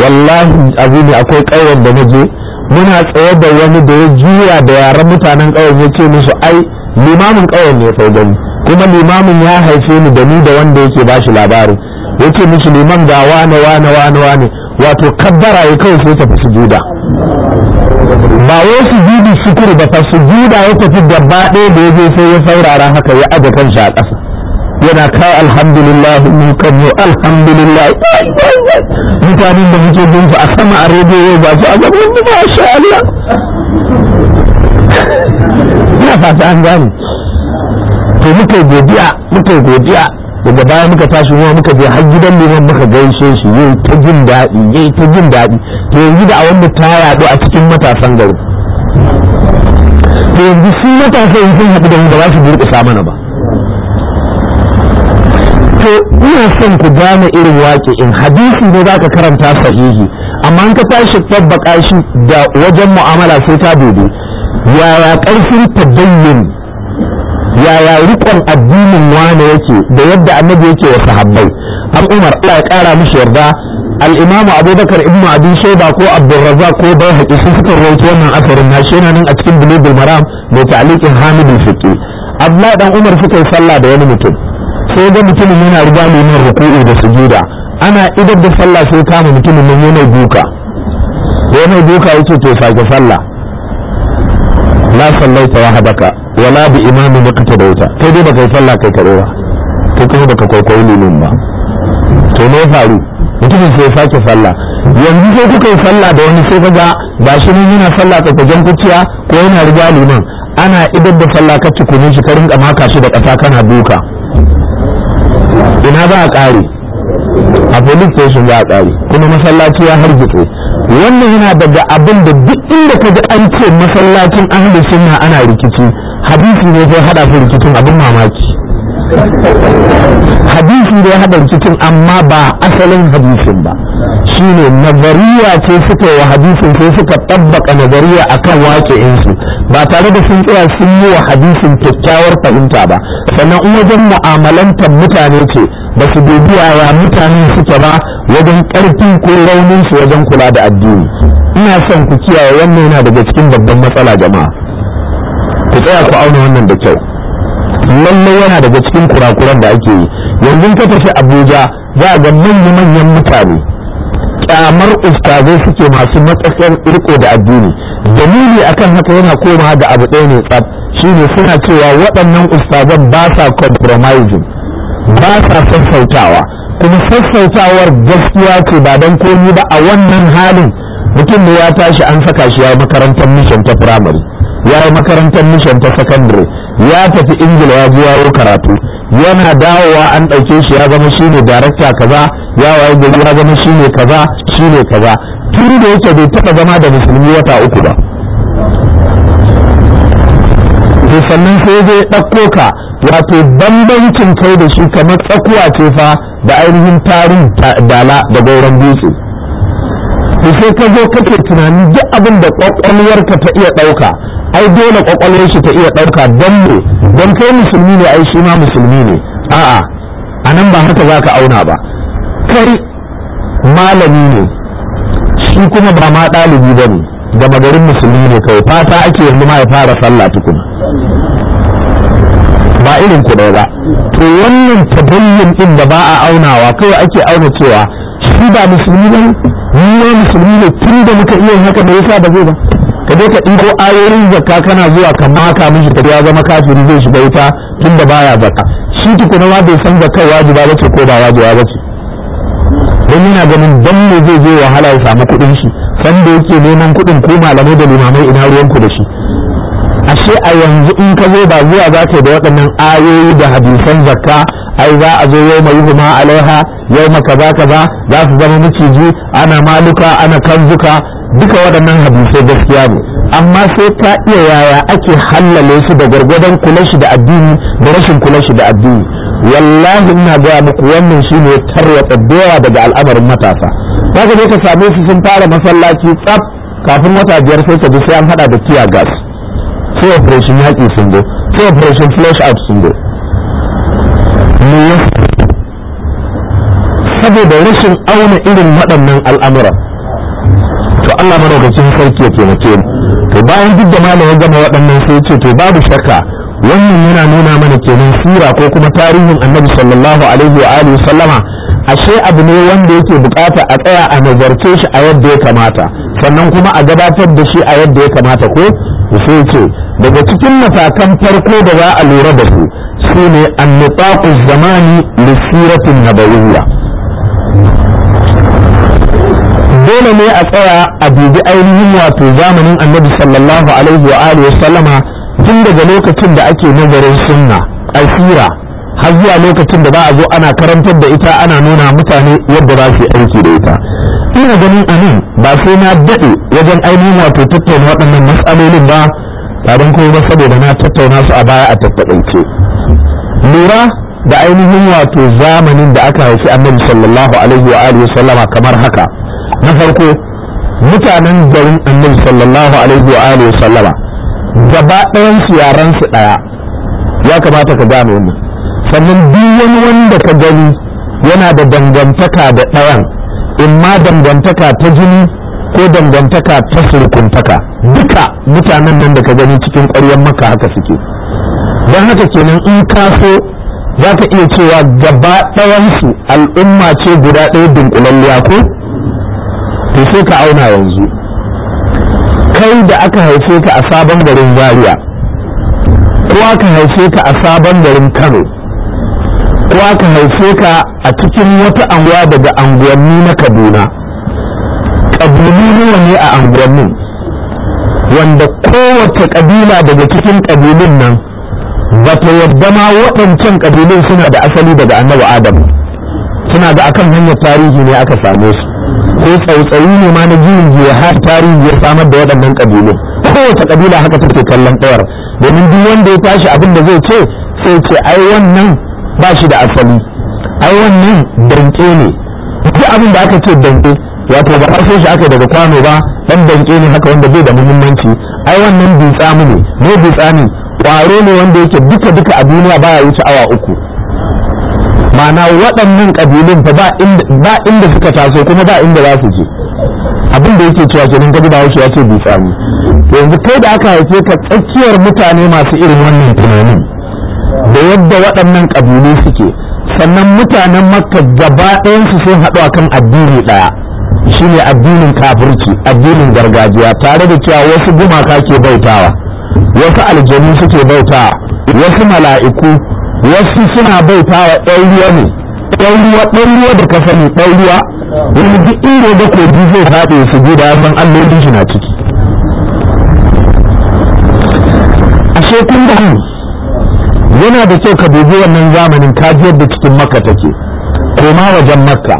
wallahi ne akwai ƙauyen da naje muna tsaye da wani da ya jira da yaran mutanen ƙauyen ya ce musu ai limamin ƙauyen ne sai gani kuma limamin ya haife ni da ni da wanda yake ba shi labari ya ce musu liman ga wane wane wane wane wato kabbara ya kawai sai tafi juda ba wai sujudu shukuru ba fa juda ya tafi gaba da ya je sai ya saurara haka ya aje kansa a ƙasa yana kai alhamdulillah mun kan yi alhamdulillah mutanen da muke bin a sama a rediyo yau ba su a gaban mu ba sha Allah ina fata an gani to muka godiya muka godiya daga baya muka tashi ruwa muka je har gidan liman muka gaishe shi yayi ta jin daɗi yayi ta jin daɗi to yanzu da a wanda ta yado a cikin matasan garin to yanzu sun matasan sun haɗu da mu ba za su burƙusa mana ba to ina son ku gane irin waƙe in hadisi ne za ka karanta sahihi amma in ka tashi tabbaka shi da wajen mu'amala sai ta dubi yaya ƙarfin ya yaya rikon addinin wane yake da yadda annabi yake wa sahabbai an umar Allah ya kara mishi yarda al-imamu abubakar ibn abi shayba ko abdurrazzaq ko bai haƙi sun suka rawaito wannan asarin na shi nan a cikin bulugul maram mai ta'liqin hamidul fiqi Allah dan umar suka yi sallah da wani mutum sai ga mutumin yana riga yin ruku'u da sujuda ana idar da sallah sai kama mutumin nan yana duka yana duka yace to sake sallah la sallaita wahdaka wala bi imamin da kake da wuta kai dai baka yi sallah kai kaɗai ba kai kuma baka kwaikwayi liman ba to ne faru mutumin sai sake sallah yanzu sai kuka yi sallah da wani sai kaga ba shi ne yana sallah tsakajen kuciya ko yana riga liman ana idar da sallah ka kunin shi ka rinka maka shi da ƙasa kana duka ina za a ƙare a police sun za a ƙare kuma masallaci ya hargitse wannan yana daga abin da duk inda ka ga an ce masallacin ahlus sunna ana rikici hadisi ne zai hada su rikicin abin mamaki hadisi ne ya haɗa rikicin amma ba asalin hadisin ba shine nazariya ce suka yi wa hadisin sai suka tabbaka nazariya akan insu. ba tare da sun tsaya sun yi wa hadisin kyakkyawar fahimta ba sannan in wajen mu'amalantar mutane ce ba su dubi yaya mutane suke ba wajen ƙarfin ko raunin su wajen kula da addini ina son ku kiyaye wannan yana daga cikin babban matsala jama'a ku tsaya ku auna wannan da kyau lallai yana daga cikin kurakuran da ake yi yanzu ka tafi abuja za a ga manya-manyan mutane kyamar ustazai suke masu matsakiyar irko da addini dalili akan haka yana komawa da abu ɗaya ne tsab ne suna cewa waɗannan ustazan ba sa compromising ba sa sassautawa kuma sassautawar gaskiya ce ba don komi ba a wannan halin mutum da ya tashi an saka shi ya yi makarantar mission ta primary ya yi makarantar mission ta secondary ya tafi ingila ya je karatu yana dawowa an ɗauke shi ya zama shine darakta kaza ya waye gari ya zama shine kaza shine kaza tun da yake bai taɓa zama da musulmi wata uku ba to sannan sai zai ɗauko ka wato bambancin kai da shi kamar tsakuwa ce fa da ainihin tarin dala da gauran dutse to sai ka zo kake tunanin duk abin da ƙwaƙwalwarka ta iya ɗauka ai dole kwakwalwar shi ta iya ɗauka don mu don kai musulmi ne ai shi ma musulmi ne a'a a nan ba haka za ka auna ba kai malami ne shi kuma ba ma ɗalibi ba ne gama garin musulmi ne kawai fata ake yanzu ma ya fara sallah tukuna ba irin ku ba to wannan tabayyun din da ba a aunawa kawai ake auna cewa shi ba musulmi ba ne ni ma musulmi ne tun da muka iya haka da yasa ba zai ba ka je ka ɗiko ayoyin zakka kana zuwa ka maka miji ka ya zama kafiri zai shiga wuta tunda baya zakka shi tukuna ma bai san zakka wajiba bace ko ba wajiba ce, don yana ganin dan ne zai je wahala ya samu kuɗin shi san da yake neman kuɗin ko malamai da limamai ina ruwan ku da shi ashe a yanzu in ka zo ba zuwa za ka da waɗannan ayoyi da hadisan zakka ai za a zo yau mai huma alaiha yau maka za ka za su zama maciji? ana maluka ana kanzuka duka waɗannan hadisai gaskiya ne amma sai ta iya yaya ake hallale su da gargadon kula shi da addini da rashin kula shi da addini wallahi ina gaya muku wannan shi ne tarwatsa da daga al'amarin matasa za ka ka same su sun fara masallaci tsaf kafin wata biyar sai ka ji sai an hada da tiya gas sai operation yaƙi sun go sai operation flush out sun go saboda rashin auna irin waɗannan al'amuran to Allah madaukakin sarki ya taimake mu to bayan duk da malama ya gama waɗannan sai ce to babu shakka wannan yana nuna mana kenan sira ko kuma tarihin annabi sallallahu alaihi wa alihi sallama ashe abu ne wanda yake bukata a tsaya a nazarce shi a yadda ya kamata sannan kuma a gabatar da shi a yadda ya kamata ko sai ce daga cikin matakan farko da za a lura da su su ne annitaqu zamani lisiratin nabawiyya dole ne a tsaya a dubi ainihin wato zamanin annabi sallallahu alaihi wa alihi sallama tun daga lokacin da ake nazarin sunna asira har zuwa lokacin da za a zo ana karantar da ita ana nuna mutane yadda za su aiki da ita ina ganin anan ba sai na daɗe wajen ainihin wato tattauna waɗannan matsalolin ba ba don kuma saboda na tattauna su a baya a tattaɓance lura da ainihin wato zamanin da aka haifi annabi sallallahu alaihi wa alihi sallama kamar haka na farko mutanen garin annabi sallallahu alaihi wa alihi sallama gaba ɗayan su yaran su ɗaya ya kamata ka gane wannan sannan duk wani wanda ka gani yana da dangantaka da ɗayan imma dangantaka ta jini ko dangantaka ta surkuntaka duka mutanen nan da ka gani cikin ƙwaryar maka haka suke don haka kenan in ka so za ka iya cewa gaba su al'umma ce guda ɗaya dunkulalliya ko to sai ka auna yanzu kai da aka haife ka a sabon garin zaria ko aka haife ka a sabon garin kano ko aka haife ka a cikin wata anguwa daga anguwanni na kaduna ƙabilu nawa ne a anguwannin wanda kowace ƙabila daga cikin ƙabilun nan ba ta yadda ma waɗancan ƙabilun suna da asali daga annabi adam suna da akan hanyar tarihi ne aka same su ko tsautsayi ne ma na jirin jiya har tarihi ya samar da waɗannan ƙabilu kowace ƙabila haka take kallon ɗayar domin duk wanda ya tashi abin da zai ce sai ce ai wannan ba shi da asali ai wannan danke ne duk abin da aka ce danke wato ba farko shi aka daga kwano ba dan danke ne haka wanda bai da muhimmanci ai wannan dutsa mu ne ne dutsa ne ƙwaro ne wanda yake duka duka a duniya baya wuce awa uku ma'ana waɗannan ƙabilun fa ba inda suka taso kuma ba inda za su je abin da yake cewa kenan gabi da ya ce yanzu kai da aka haife ka tsakiyar mutane masu irin wannan tunanin da yadda waɗannan ƙabilu suke sannan mutanen makka gaba ɗayansu sun haɗu a kan addini ɗaya shine addinin kafirci addinin gargajiya tare da cewa wasu gumaka ke bautawa wasu aljanu suke bautawa wasu mala'iku wasu suna bauta wa ɗan ruwa ne ɗan ruwa da ka sani ɗan wani duk inda da kogi zai faɗi su ji da san allolin shi na ciki a kun da yana da kyau ka dubi wannan zamanin ka ji yadda cikin makka take koma wajen makka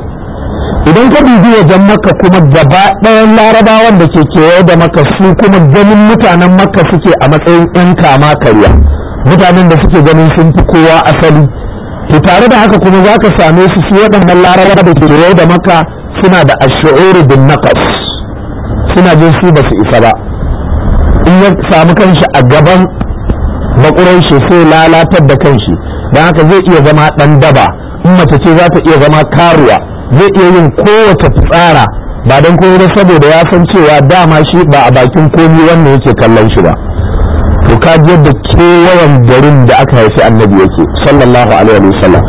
idan ka dubi wajen makka kuma gaba ɗayan larabawan da ke kewaye da makka su kuma ganin mutanen makka suke a matsayin 'yan kama karya mutanen da suke ganin sun fi kowa asali to tare da haka kuma za ka same su su waɗannan larabawa da ke da maka suna da ash'uru bin naqas suna jin su ba su isa ba in ya samu kanshi a gaban bakuraishi sai lalatar da kanshi don haka zai iya zama ɗan daba in mace ce za ta iya zama karuwa zai iya yin kowace tsara ba don komai saboda ya san cewa dama shi ba a bakin komi wannan yake kallon shi ba to ka ji yadda kewayen garin da aka haifi annabi yake sallallahu alaihi wa sallam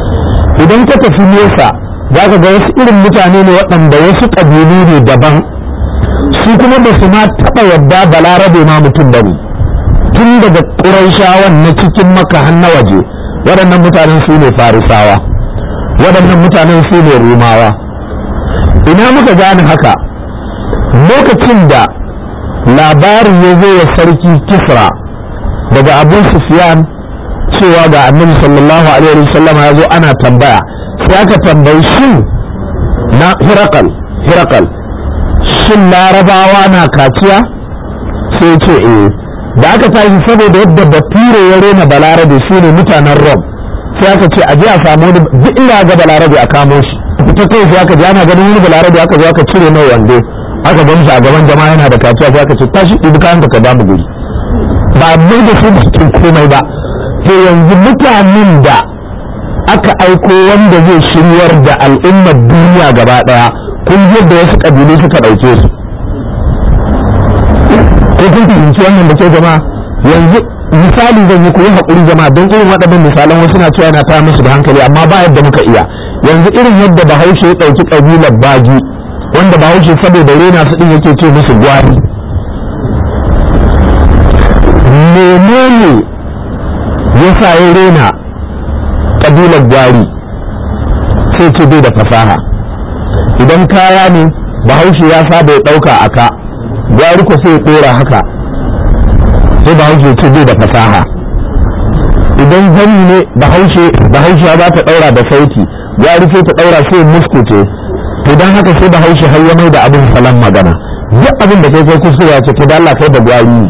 idan ka tafi nesa za ka ga wasu irin mutane ne waɗanda wasu ƙabilu ne daban su kuma ba su ma taɓa yadda balarabe ma mutum ba tun daga ƙuraishawan na cikin maka hannu waje waɗannan mutanen su ne farisawa waɗannan mutanen su ne rumawa ina muka gane haka lokacin da labarin ya zo wa sarki kisra daga abu sufyan cewa ga annabi sallallahu alaihi wasallam ya zo ana tambaya sai aka tambayi shin na hirakal hirakal shin larabawa na kaciya sai ce eh da aka tashi saboda yadda bature ya rena balarabe shi ne mutanen rom sai aka ce aje a samu wani duk ina ga balarabe a kamo shi fita kai sai aka ji ana ganin wani balarabe aka zo aka cire mai wando aka gamsa a gaban jama'a yana da kaciya sai aka ce tashi ɗibi kayan ka ka damu mu guri ba mai da su cikin komai ba to yanzu mutanen da aka aiko wanda zai shiryar da al'ummar duniya gaba daya kun da wasu kabilu suka ɗauke su ko kun fahimci wannan da ke jama'a yanzu misali zan yi koyi haƙuri jama'a don irin waɗannan misalan wasu na cewa na ta musu da hankali amma ba yadda muka iya yanzu irin yadda bahaushe ya ɗauki ƙabilar baji wanda bahaushe saboda rena su ɗin yake ce musu gwari menene ya sa ya rena ƙabilar gwari sai ce bai da fasaha idan kaya ne bahaushe ya saba ya ɗauka a ka gwari ko sai ya ɗora haka sai bahaushe ce bai da fasaha idan zani ne bahaushe bahaushe ya ba ta ɗaura da sauti gwari sai ta ɗaura sai muskuce idan haka sai bahaushe har ya mai da abin salon magana duk abin da kai kai kuskure ce to da Allah kai da gwari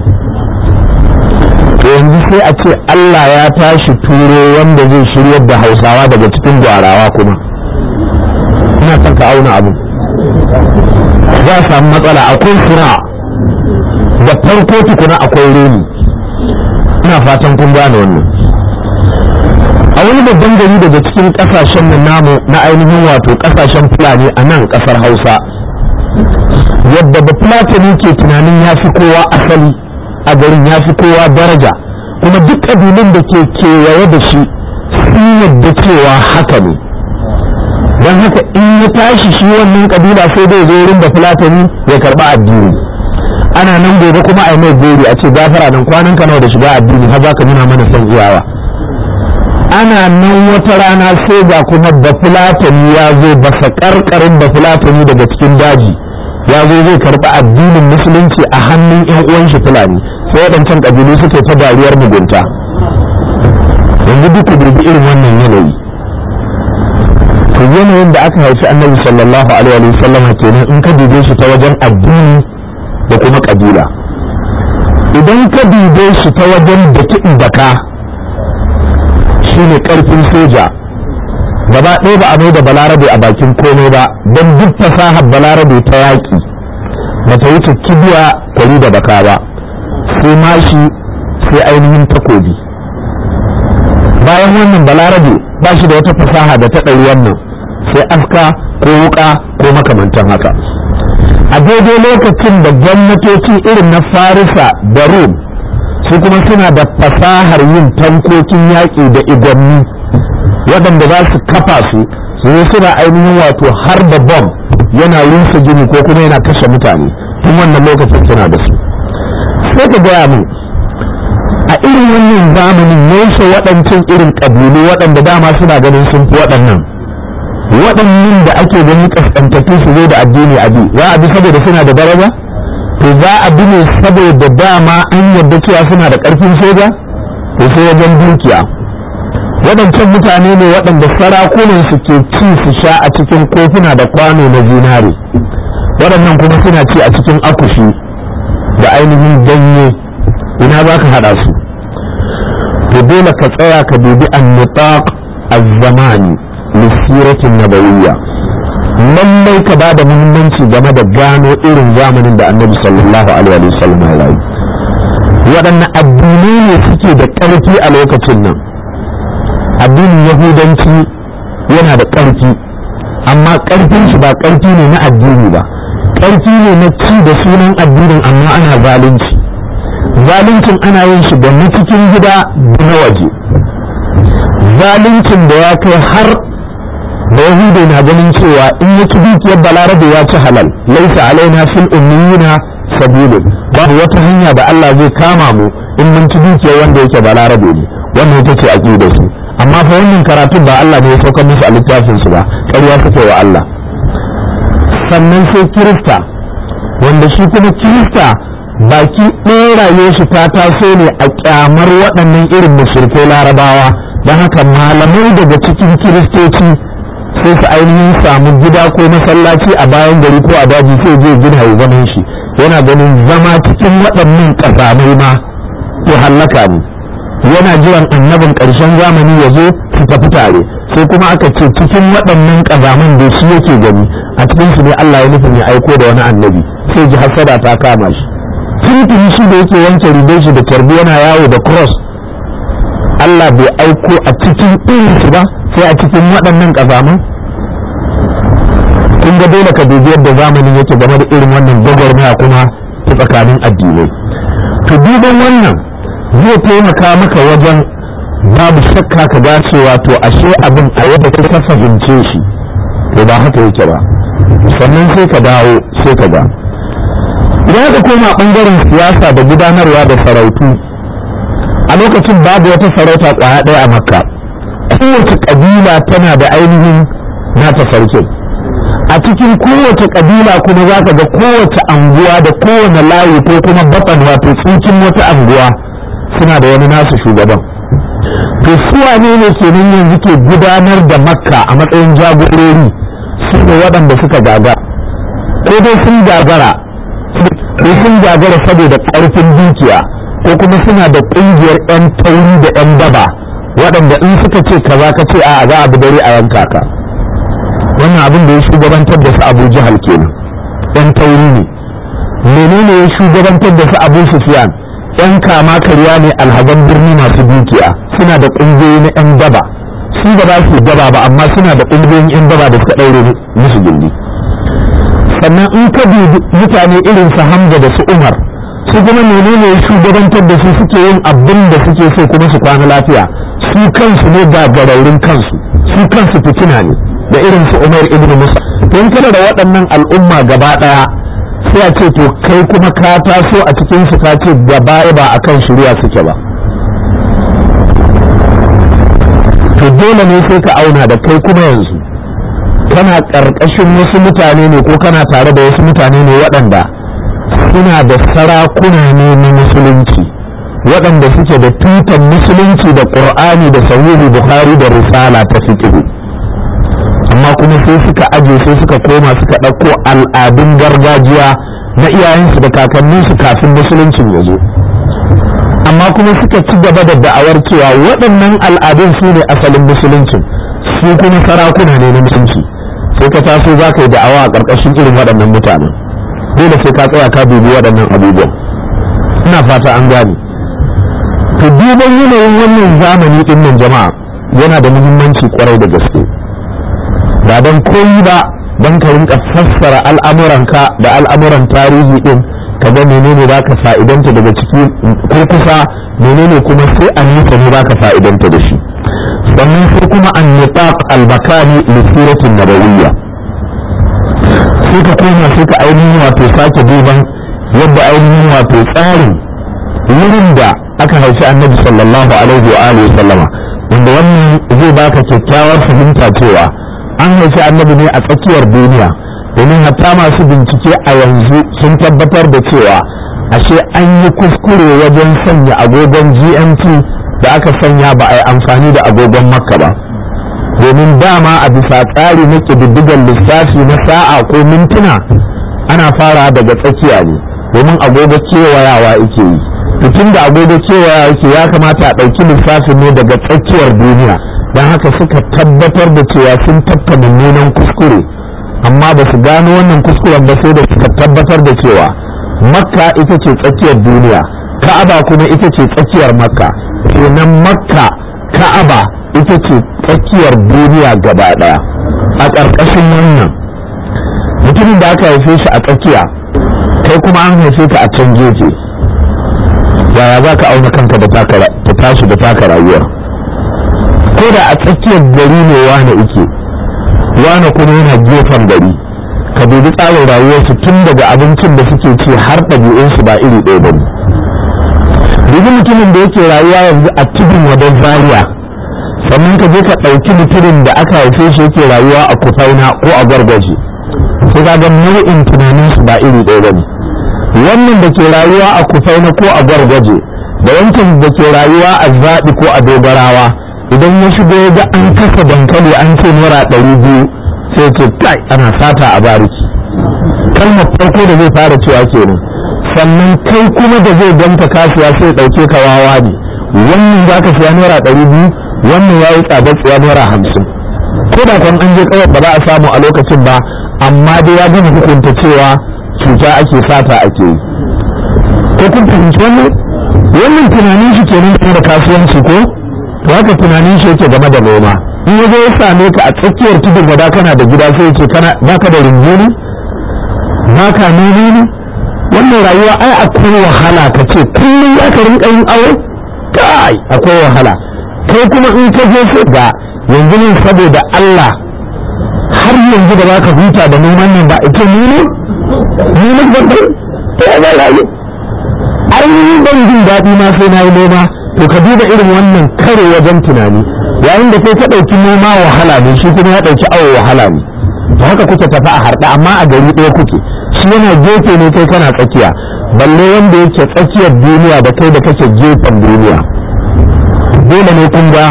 da yanzu sai a ce Allah ya tashi turo wanda zai shiryar da hausawa daga cikin gwarawa kuma ina son ka auna abu za a samu matsala akwai suna da farko tukuna akwai reni ina fatan kun gane wannan a wani babban gari daga cikin kasashen na namu na ainihin wato kasashen fulani a nan kasar hausa yadda ba fulatani ke tunanin ya fi kowa asali a garin ya fi kowa daraja kuma duk kabilun da ke kewaye da shi sun yadda cewa haka ne don haka in ya tashi shi wannan ƙabila sai dai zo wurin da filatani ya karɓa addini ana nan gobe kuma a mai gori a ce gafara nan, kwanan ka nawa da shiga addini har za ka nuna mana son iyawa ana nan wata rana sai ga kuma da fulatani ya zo ba sa karkarin da fulatani daga cikin daji ya zo zai karɓi addinin musulunci a hannun yan uwanshi shi fulani sai waɗancan ƙabilu suke ta dariyar mugunta yanzu duk dubi irin wannan yanayi to yanayin da aka haifi annabi sallallahu alaihi wa sallam kenan in ka dube shi ta wajen addini da kuma ƙabila idan ka dube shi ta wajen da da daka shine ƙarfin soja gaba ɗaya ba a mai da balarabe a bakin komai ba don duk fasahar balarabe ta yaƙi ba ta wuce kibiya kwari da baka ba sai mashi sai ainihin takobi bayan wannan balarabe ba shi da wata fasaha da ta ɗari wannan sai aska ko wuƙa ko makamantan haka a daidai lokacin da gwamnatoci irin na farisa da rum su kuma suna da fasahar yin tankokin yaƙi da igwanni waɗanda za su kafa su su ne suna ainihin wato har da bom yana rusa gini ko kuma yana kashe mutane tun wannan lokacin suna da su sai ka gaya mu a irin wannan zamanin nesa waɗancan irin ƙabilu waɗanda dama suna ganin sun fi waɗannan waɗannan da ake ganin ƙasƙantattu su zo da addini a bi za a bi saboda suna da daraja to za a bi ne saboda dama an yarda cewa suna da ƙarfin soja to sai wajen dukiya waɗancan mutane ne waɗanda sarakunan su ke ci su sha a cikin kofuna da kwano na zinare waɗannan kuma suna ci a cikin akushi da ainihin ganye ina za ka haɗa su to dole ka tsaya ka dubi annutaq az-zamani na nabawiyya lallai ka ba da muhimmanci game da gano irin zamanin da annabi sallallahu alaihi wasallam ya rayu waɗanne addinai ne suke da ƙarfi a lokacin nan addinin yahudanci yana da ƙarfi amma ƙarfin shi ba ƙarfi ne na addini ba ƙarfi ne na ci da sunan addinin amma ana zalunci zaluncin ana yin shi da cikin gida da na waje zaluncin da ya kai har da yahudai na ganin cewa in ya ci dukiyar balarabe ya ci halal laisa alaina fil ummiyina sabilun babu wata hanya da Allah zai kama mu in mun ci dukiyar wanda yake balarabe ne wannan ita ce da su amma fa wannan karatun ba Allah ne ya saukar musu a littafin su ba ƙarya suke wa Allah sannan sai kirista wanda shi kuma kirista baki ɗaya su ta taso ne a ƙyamar waɗannan irin musulkai larabawa don haka malamai daga cikin kiristoci sai su ainihin samu gida ko masallaci a bayan gari ko a daji sai je gina ya zaman shi yana ganin zama cikin waɗannan ƙasamai ma ya hallaka ne yana jiran annabin ƙarshen zamani ya zo su tafi tare sai kuma aka ce cikin waɗannan ƙazaman da shi yake gani a cikin su ne Allah ya nufin ya aiko da wani annabi sai ji hasada ta kama shi cikin shi da yake wanke rigar shi da tarbi yana yawo da cross Allah bai aiko a cikin irin su ba sai a cikin waɗannan ƙazaman kun ga dole ka dubi yadda zamanin yake game da irin wannan gwagwarmaya kuma ta tsakanin addinai to duban wannan zai taimaka maka wajen babu shakka ka dace wato to ashe abin a yadda ka fahimce shi to ba haka yake ba sannan sai ka dawo sai ka ga idan ka koma bangaren siyasa da gudanarwa da sarautu a lokacin babu wata sarauta kwaya ɗaya a makka kowace ƙabila tana da ainihin nata sarkin a cikin kowace kabila kuma za ka ga kowace anguwa da kowane layi ko kuma bafan wato tsinkin wata anguwa suna da wani nasu shugaban to suwa ne ne ke nan yanzu ke gudanar da makka a matsayin jagorori su ne waɗanda suka gaga ko dai sun gagara ko sun gagara saboda ƙarfin dukiya ko kuma suna da ƙungiyar 'yan tauri da 'yan daba waɗanda in suka ce kaza ka ce a'a za a bi dare a yanka ka wannan abin da ya shugabantar da su abu jihar kenan 'yan tauri ne menene ya shugabantar da su abu sufiyan 'yan kama karya ne alhazan birni masu dukiya suna da ƙungiyoyi na 'yan daba su ba su daba ba amma suna da ƙungiyoyin 'yan gaba da suka ɗaure musu gindi sannan in ka dubi mutane irin su hamza da su umar su kuma ne shugabantar da su suke yin abin da suke so kuma su kwana lafiya su kansu ne ga garaurin kansu su kansu fitina ne da irin su umar ibn musa tun kada da waɗannan al'umma gaba ɗaya sai a ce to kai kuma ka taso a cikin su ka ce gaba ba akan shirya suke ba to dole ne sai ka auna da kai kuma yanzu kana ƙarƙashin wasu mutane ne ko kana tare da wasu mutane ne waɗanda suna da sarakuna ne na musulunci waɗanda suke da tutan musulunci da ƙur'ani da sahihu bukhari da risala ta fiqhu amma kuma sai suka aje sai suka koma suka ɗauko al'adun gargajiya na iyayensu da kakanninsu kafin musuluncin ya zo amma kuma suka ci gaba da da'awar cewa waɗannan al'adun su ne asalin musuluncin su kuma sarakuna ne na musulunci sai ka taso za ka yi da'awa a ƙarƙashin irin waɗannan mutanen dole sai ka tsaya ka dubi waɗannan abubuwan ina fata an gane to duban yanayin wannan zamani ɗin nan jama'a yana da muhimmanci kwarai da gaske ba don koyi ba don ka rinka fassara al'amuranka da al'amuran tarihi din ka ga menene ba ka fa'idanta daga ciki kurkusa, menene kuma sai a nesa ne ba ka fa'idanta da shi sannan sai kuma an nitaq albakani li siratin nabawiyya sai ka koma sai ka ainihin wato sake duban yadda ainihin wato tsarin wurin da aka haifi annabi sallallahu alaihi wa alihi sallama wanda wannan zai baka kyakkyawar fahimta cewa an haifi annabi ne a tsakiyar duniya domin hatta masu bincike a yanzu sun tabbatar da cewa ashe an yi kuskure wajen sanya agogon gmt da aka sanya ba a yi amfani da agogon makka ba domin dama a bisa tsari na ƙididdigar lissafi na sa'a ko mintuna ana fara daga tsakiya ne domin agogo kewayawa yake yi tun da agogo kewayawa yake ya kamata a ɗauki lissafi ne daga tsakiyar duniya don haka suka tabbatar da cewa sun tafka mummunan kuskure amma ba su gano wannan kuskuren ba sai da suka tabbatar da cewa makka ita ce tsakiyar duniya ka'aba kuma ita ce tsakiyar makka kenan makka ka'aba ita ce tsakiyar duniya gaba daya a ƙarƙashin wannan mutumin da aka haife shi a tsakiya kai kuma an haife ka a can gefe yaya za ka auna kanka da tashi da taka rayuwar ko da a tsakiyar gari ne wane ike wane kuma yana gefen gari ka dubi tsarin rayuwarsu tun daga abincin da suke ci har ɗabi'unsu ba iri ɗaya ba dubi mutumin da yake rayuwa yanzu a cikin wajen zaria sannan ka je ka ɗauki mutumin da aka haife shi yake rayuwa a kufaina ko a gwargwaje sai ka ga nau'in tunaninsu ba iri ɗaya ba wannan da ke rayuwa a kufaina ko a gwargwaje da wancan da ke rayuwa a zaɓi ko a dogarawa idan ya shigo ya ga an kasa dankali an ce naira ɗari biyu sai ce tai ana sata a bariki kalmar farko da zai fara cewa ne sannan kai kuma da zai danta kasuwa sai ɗauke ka wawa ne wannan za ka siya naira ɗari biyu wannan ya yi tsadar siya naira hamsin ko da kwan an je kawai ba za a samu a lokacin ba amma dai ya gama hukunta cewa cuta ake sata ake yi ko kun fahimci wannan wannan tunanin shi kenan da kasuwanci ko to haka tunanin shi yake game da noma in ya zo ya same ka a tsakiyar tudun gada kana da gida sai yake kana baka da rinjini baka nuni ne wannan rayuwa ai akwai wahala ka ce kullum ya ka rinka yin aure kai akwai wahala kai kuma in ka je sai ga yanzu ne saboda Allah har yanzu da baka huta da noman nan ba ita ni ne ni ne babban ta yi ai ban jin daɗi ma sai na yi noma to ka duba irin wannan kare wajen tunani yayin da kai ka ɗauki noma wahala ne shi kuma ya ɗauki awo wahala ne to haka kuka tafi a harɗa amma a gari ɗaya kuke shi yana gefe ne kai kana tsakiya balle wanda yake tsakiyar duniya da kai da kake gefen duniya dole ne kun ga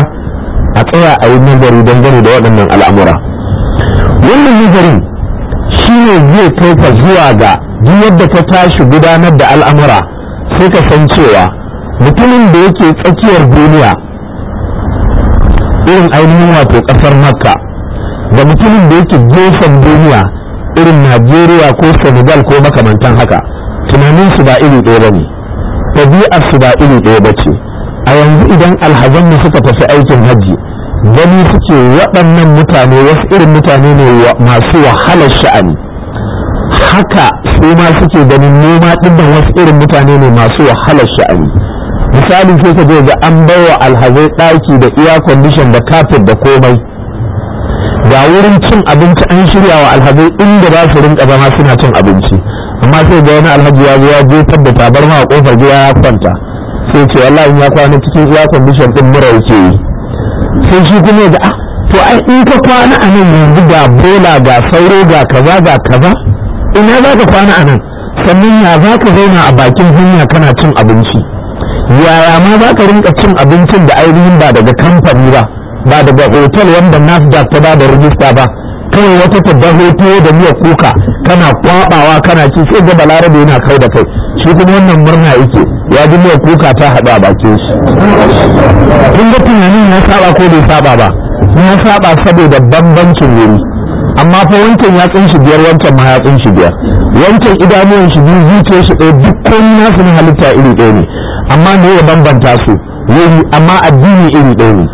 a tsaya a yi nazari dangane da waɗannan al'amura wannan nazarin shi ne zai kai ka zuwa ga duk yadda ka tashi gudanar da al'amura sai ka san cewa mutumin da yake tsakiyar duniya irin ainihin wato ƙasar makka da mutumin da yake gefen duniya irin najeriya ko senegal ko makamantan haka tunaninsu ba iri ɗaya ba ne su ba iri ɗaya ba ce a yanzu idan alhazan mu suka tafi aikin hajji gani suke waɗannan mutane wasu irin mutane ne masu wahalar sha'ani haka su ma suke ganin noma ɗin wasu irin mutane ne masu wahalar sha'ani misali sai ka je ga an wa alhazai ɗaki da iya kwandishan da kafet da komai ga wurin cin abinci an shirya wa alhazai inda ba su rinka zama suna cin abinci amma sai ga wani alhaji ya zo ya jefar da tabarma a kofar gida ya kwanta sai ce wallahi ya kwana cikin iya kwandishan din mura yake yi sai shi kuma ga ah to ai in ka kwana a nan yanzu ga bola ga sauro ga kaza ga kaza ina za ka kwana a nan sannan ya za ka zauna a bakin hanya kana cin abinci yaya ma za ka rinka cin abincin da ainihin ba daga kamfani ba ba daga otal wanda nasdaq ta ba da rijista ba kawai wata tabbar hoto da miya kuka kana kwabawa kana ci sai ga balarabe yana kai da kai shi kuma wannan murna yake ya ji miya kuka ta haɗu a bakin shi kun ga tunanin ya saba ko bai saba ba ya saba saboda bambancin wuri amma fa wancan ya tsin shi biyar wancan ma ya tsin shi biyar wancan idanuwan shi biyu zuciyar shi ɗaya duk komai nasu na halitta iri ɗaya ne amma me ya bambanta su wuri amma addini iri ɗaya ne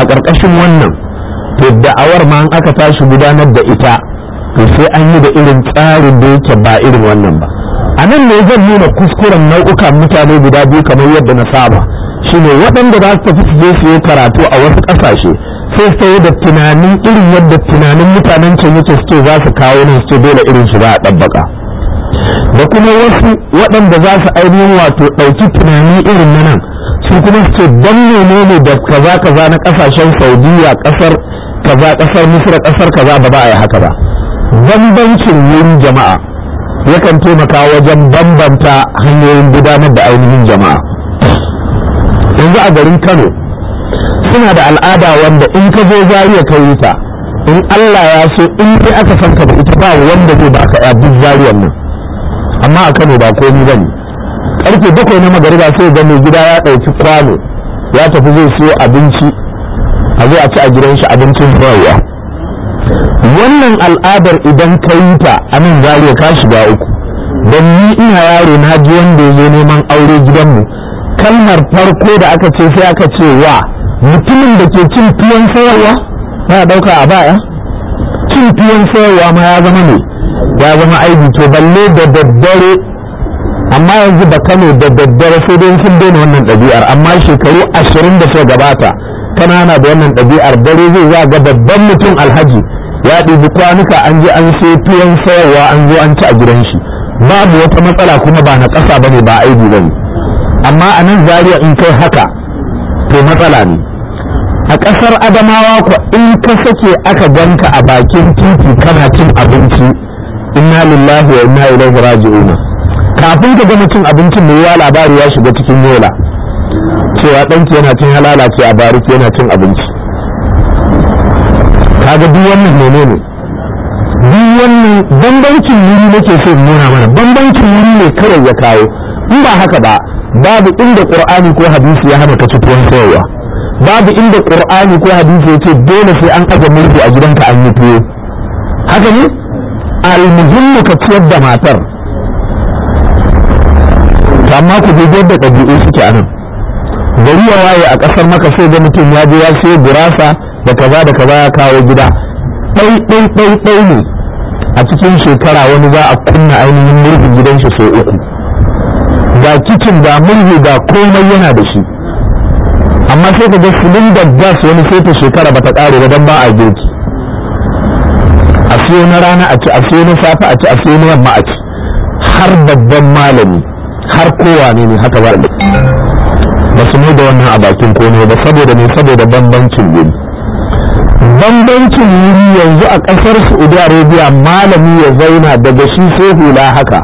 a ƙarƙashin wannan to da'awar ma an aka tashi gudanar da ita to sai an yi da irin tsarin da yake ba irin wannan ba a nan ne zan nuna kuskuren nau'uka mutane guda biyu kamar yadda na saba shine waɗanda za su tafi su je su yi karatu a wasu ƙasashe sai sai da tunanin irin yadda tunanin mutanen can yake suke za su kawo nan su dole irin su ba a ɗabbaka da kuma wasu waɗanda za su ainihin wato ɗauki tunani irin na nan su kuma suke don ne da kaza kaza na ƙasashen saudiya ƙasar kaza ƙasar misra ƙasar kaza ba ba a yi haka ba bambancin wurin jama'a yakan taimaka wajen bambanta hanyoyin gudanar da ainihin jama'a yanzu a garin kano suna da al'ada wanda in ka zo zariya ka yi ta in allah ya so in dai aka san ka da ita ba wanda zai ba a duk zariyar nan amma a kano ba komi ba ne karfe bakwai na magariba sai ya gani gida ya ɗauki kwano ya tafi zai siyo abinci a zai a ci a gidan shi abincin rawa wannan al'adar idan ka yi ta a nan zariya ka shiga uku don ni ina yaro na ji wanda ya zo neman aure gidanmu kalmar farko da aka ce sai aka ce wa mutumin da ke cin tuwon sayarwa na ɗauka a baya cin tuwon sayarwa ma ya zama ne ya zama aibi to balle da daddare amma yanzu da kano da daddare sai dai sun daina wannan ɗabi'ar amma shekaru ashirin da suka gabata kanana da wannan ɗabi'ar dare zai za ga babban mutum alhaji ya ɗibi kwanuka an je an sai tuwon sayarwa an zo an ci a gidan shi babu wata matsala kuma ba na ƙasa ba ne ba aibi ba ne amma a nan zariya in kai haka to matsala ne a ƙasar adamawa ko in ka sake aka ganka a bakin titi kana cin abinci inna lillahi wa inna ilaihi raji'un kafin ka gama cin abincin mai yawa labari ya shiga cikin yola cewa ɗanki yana cin halala ce a bariki yana cin abinci kaga duk wannan menene duk wannan bambancin wuri nake so in nuna mana bambancin wuri ne kawai ya kawo in ba haka ba babu inda qur'ani ko hadisi ya hana ka ci tuwon sayarwa babu inda qur'ani ko hadisi ya ce dole sai an aje murfi a gidanka an yi tuwo haka ne almuhimmu ka ciyar da matar amma ku je yadda ɗabi'u suke anan gari ya waye a ƙasar maka sai da mutum ya je ya siyo gurasa da kaza da kaza ya kawo gida ɗai ɗai ɗai ne a cikin shekara wani za a kunna ainihin murhun gidan shi sai uku ga kicin ga murhu ga komai yana da shi amma sai ka ga silindar gas wani sai ta shekara bata ƙare ba don ba a girki siyo na rana a ci a na safe a ci a na yamma a ci har babban malami har kowa ne ne haka ba ba su mai da wannan a bakin komai ba saboda ne saboda bambancin wuri bambancin wuri yanzu a kasar saudi arabia malami ya zauna daga shi sai hula haka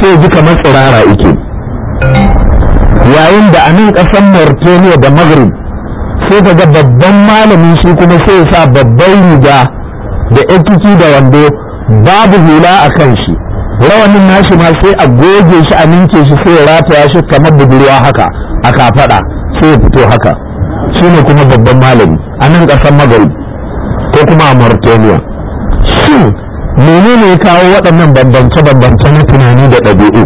sai ji kamar tsirara ike yayin da a nan kasar mauritania da maghrib sai ga babban malami shi kuma sai sa babban riga da ya ciki da wando babu hula a kan shi rawanin nashi ma sai a goge shi a ninke shi sai ya rataya shi kamar budurwa haka a kafaɗa sai ya fito haka shi ne kuma babban malami a nan ƙasar magari ko kuma a martoniya shin menene ya kawo waɗannan bambance-bambance na tunani da ɗabi'u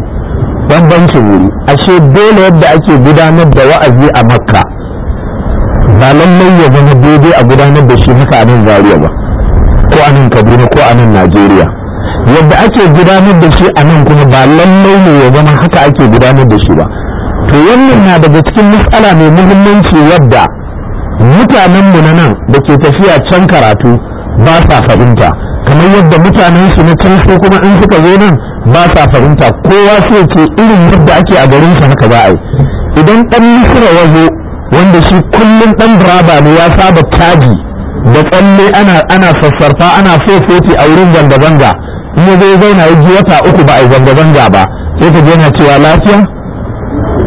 bambancin wuri ashe dole yadda ake gudanar da wa'azi a makka ba lallai ya zama daidai a gudanar da shi haka a nan zariya ba ko a nan kaduna ko a nan najeriya yadda ake gudanar da shi a nan kuma ba lallai ne ya zama haka ake gudanar da shi ba to wannan na daga cikin matsala mai muhimmanci wadda mu na nan da ke tafiya can karatu ba sa fahimta kamar yadda mutanen su na can su kuma in suka zo nan ba sa fahimta kowa sai ce irin yadda ake a garin sa haka za a yi idan dan misira ya wanda shi kullum dan draba ne ya saba caji da tsalle ana ana sassarfa ana so fofoti a wurin zanga-zanga in ya zai zauna ya wata uku ba a yi zanga-zanga ba sai ka je cewa lafiya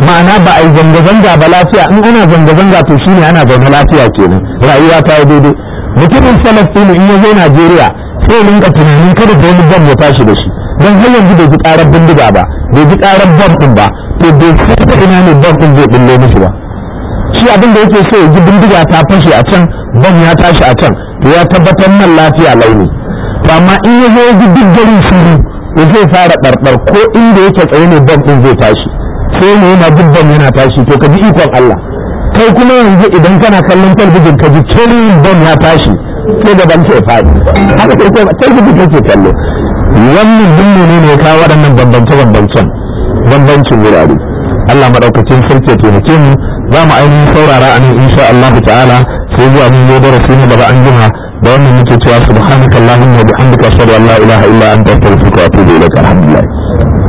ma'ana ba a yi zanga-zanga ba lafiya in ana zanga-zanga to ne ana zaune lafiya kenan rayuwa ta yi daidai mutumin salafin in ya zo najeriya sai ka tunanin kada da wani bam ya tashi da shi don har yanzu bai ji karar bindiga ba bai ji karar bam din ba to bai san ina ne bam din zai bullo musu ba shi abin da yake so ya bindiga ta fashe a can bam ya tashi a can to ya tabbatar man lafiya launi to amma in ya zo ji duk shiru ya zai fara ɗarɗar ko inda yake tsaye ne bam in zai tashi sai ne yana duk bam yana tashi to ka ji ikon Allah kai kuma yanzu idan kana kallon talbijin ka ji kerin bam ya tashi sai ban ke faɗi haka sai talbijin kake kallo wannan dinne ne ne ya kawo waɗannan bambance-bambancen bambancin wurare Allah madaukakin sarki ya taimake mu za mu ainihin saurara a nan insha Allah ta'ala sai zuwa mun zo darasi na da an jima da wannan muke cewa subhanakallahumma wa bihamdika ashhadu an la ilaha illa anta astaghfiruka wa atubu ilaik alhamdulillah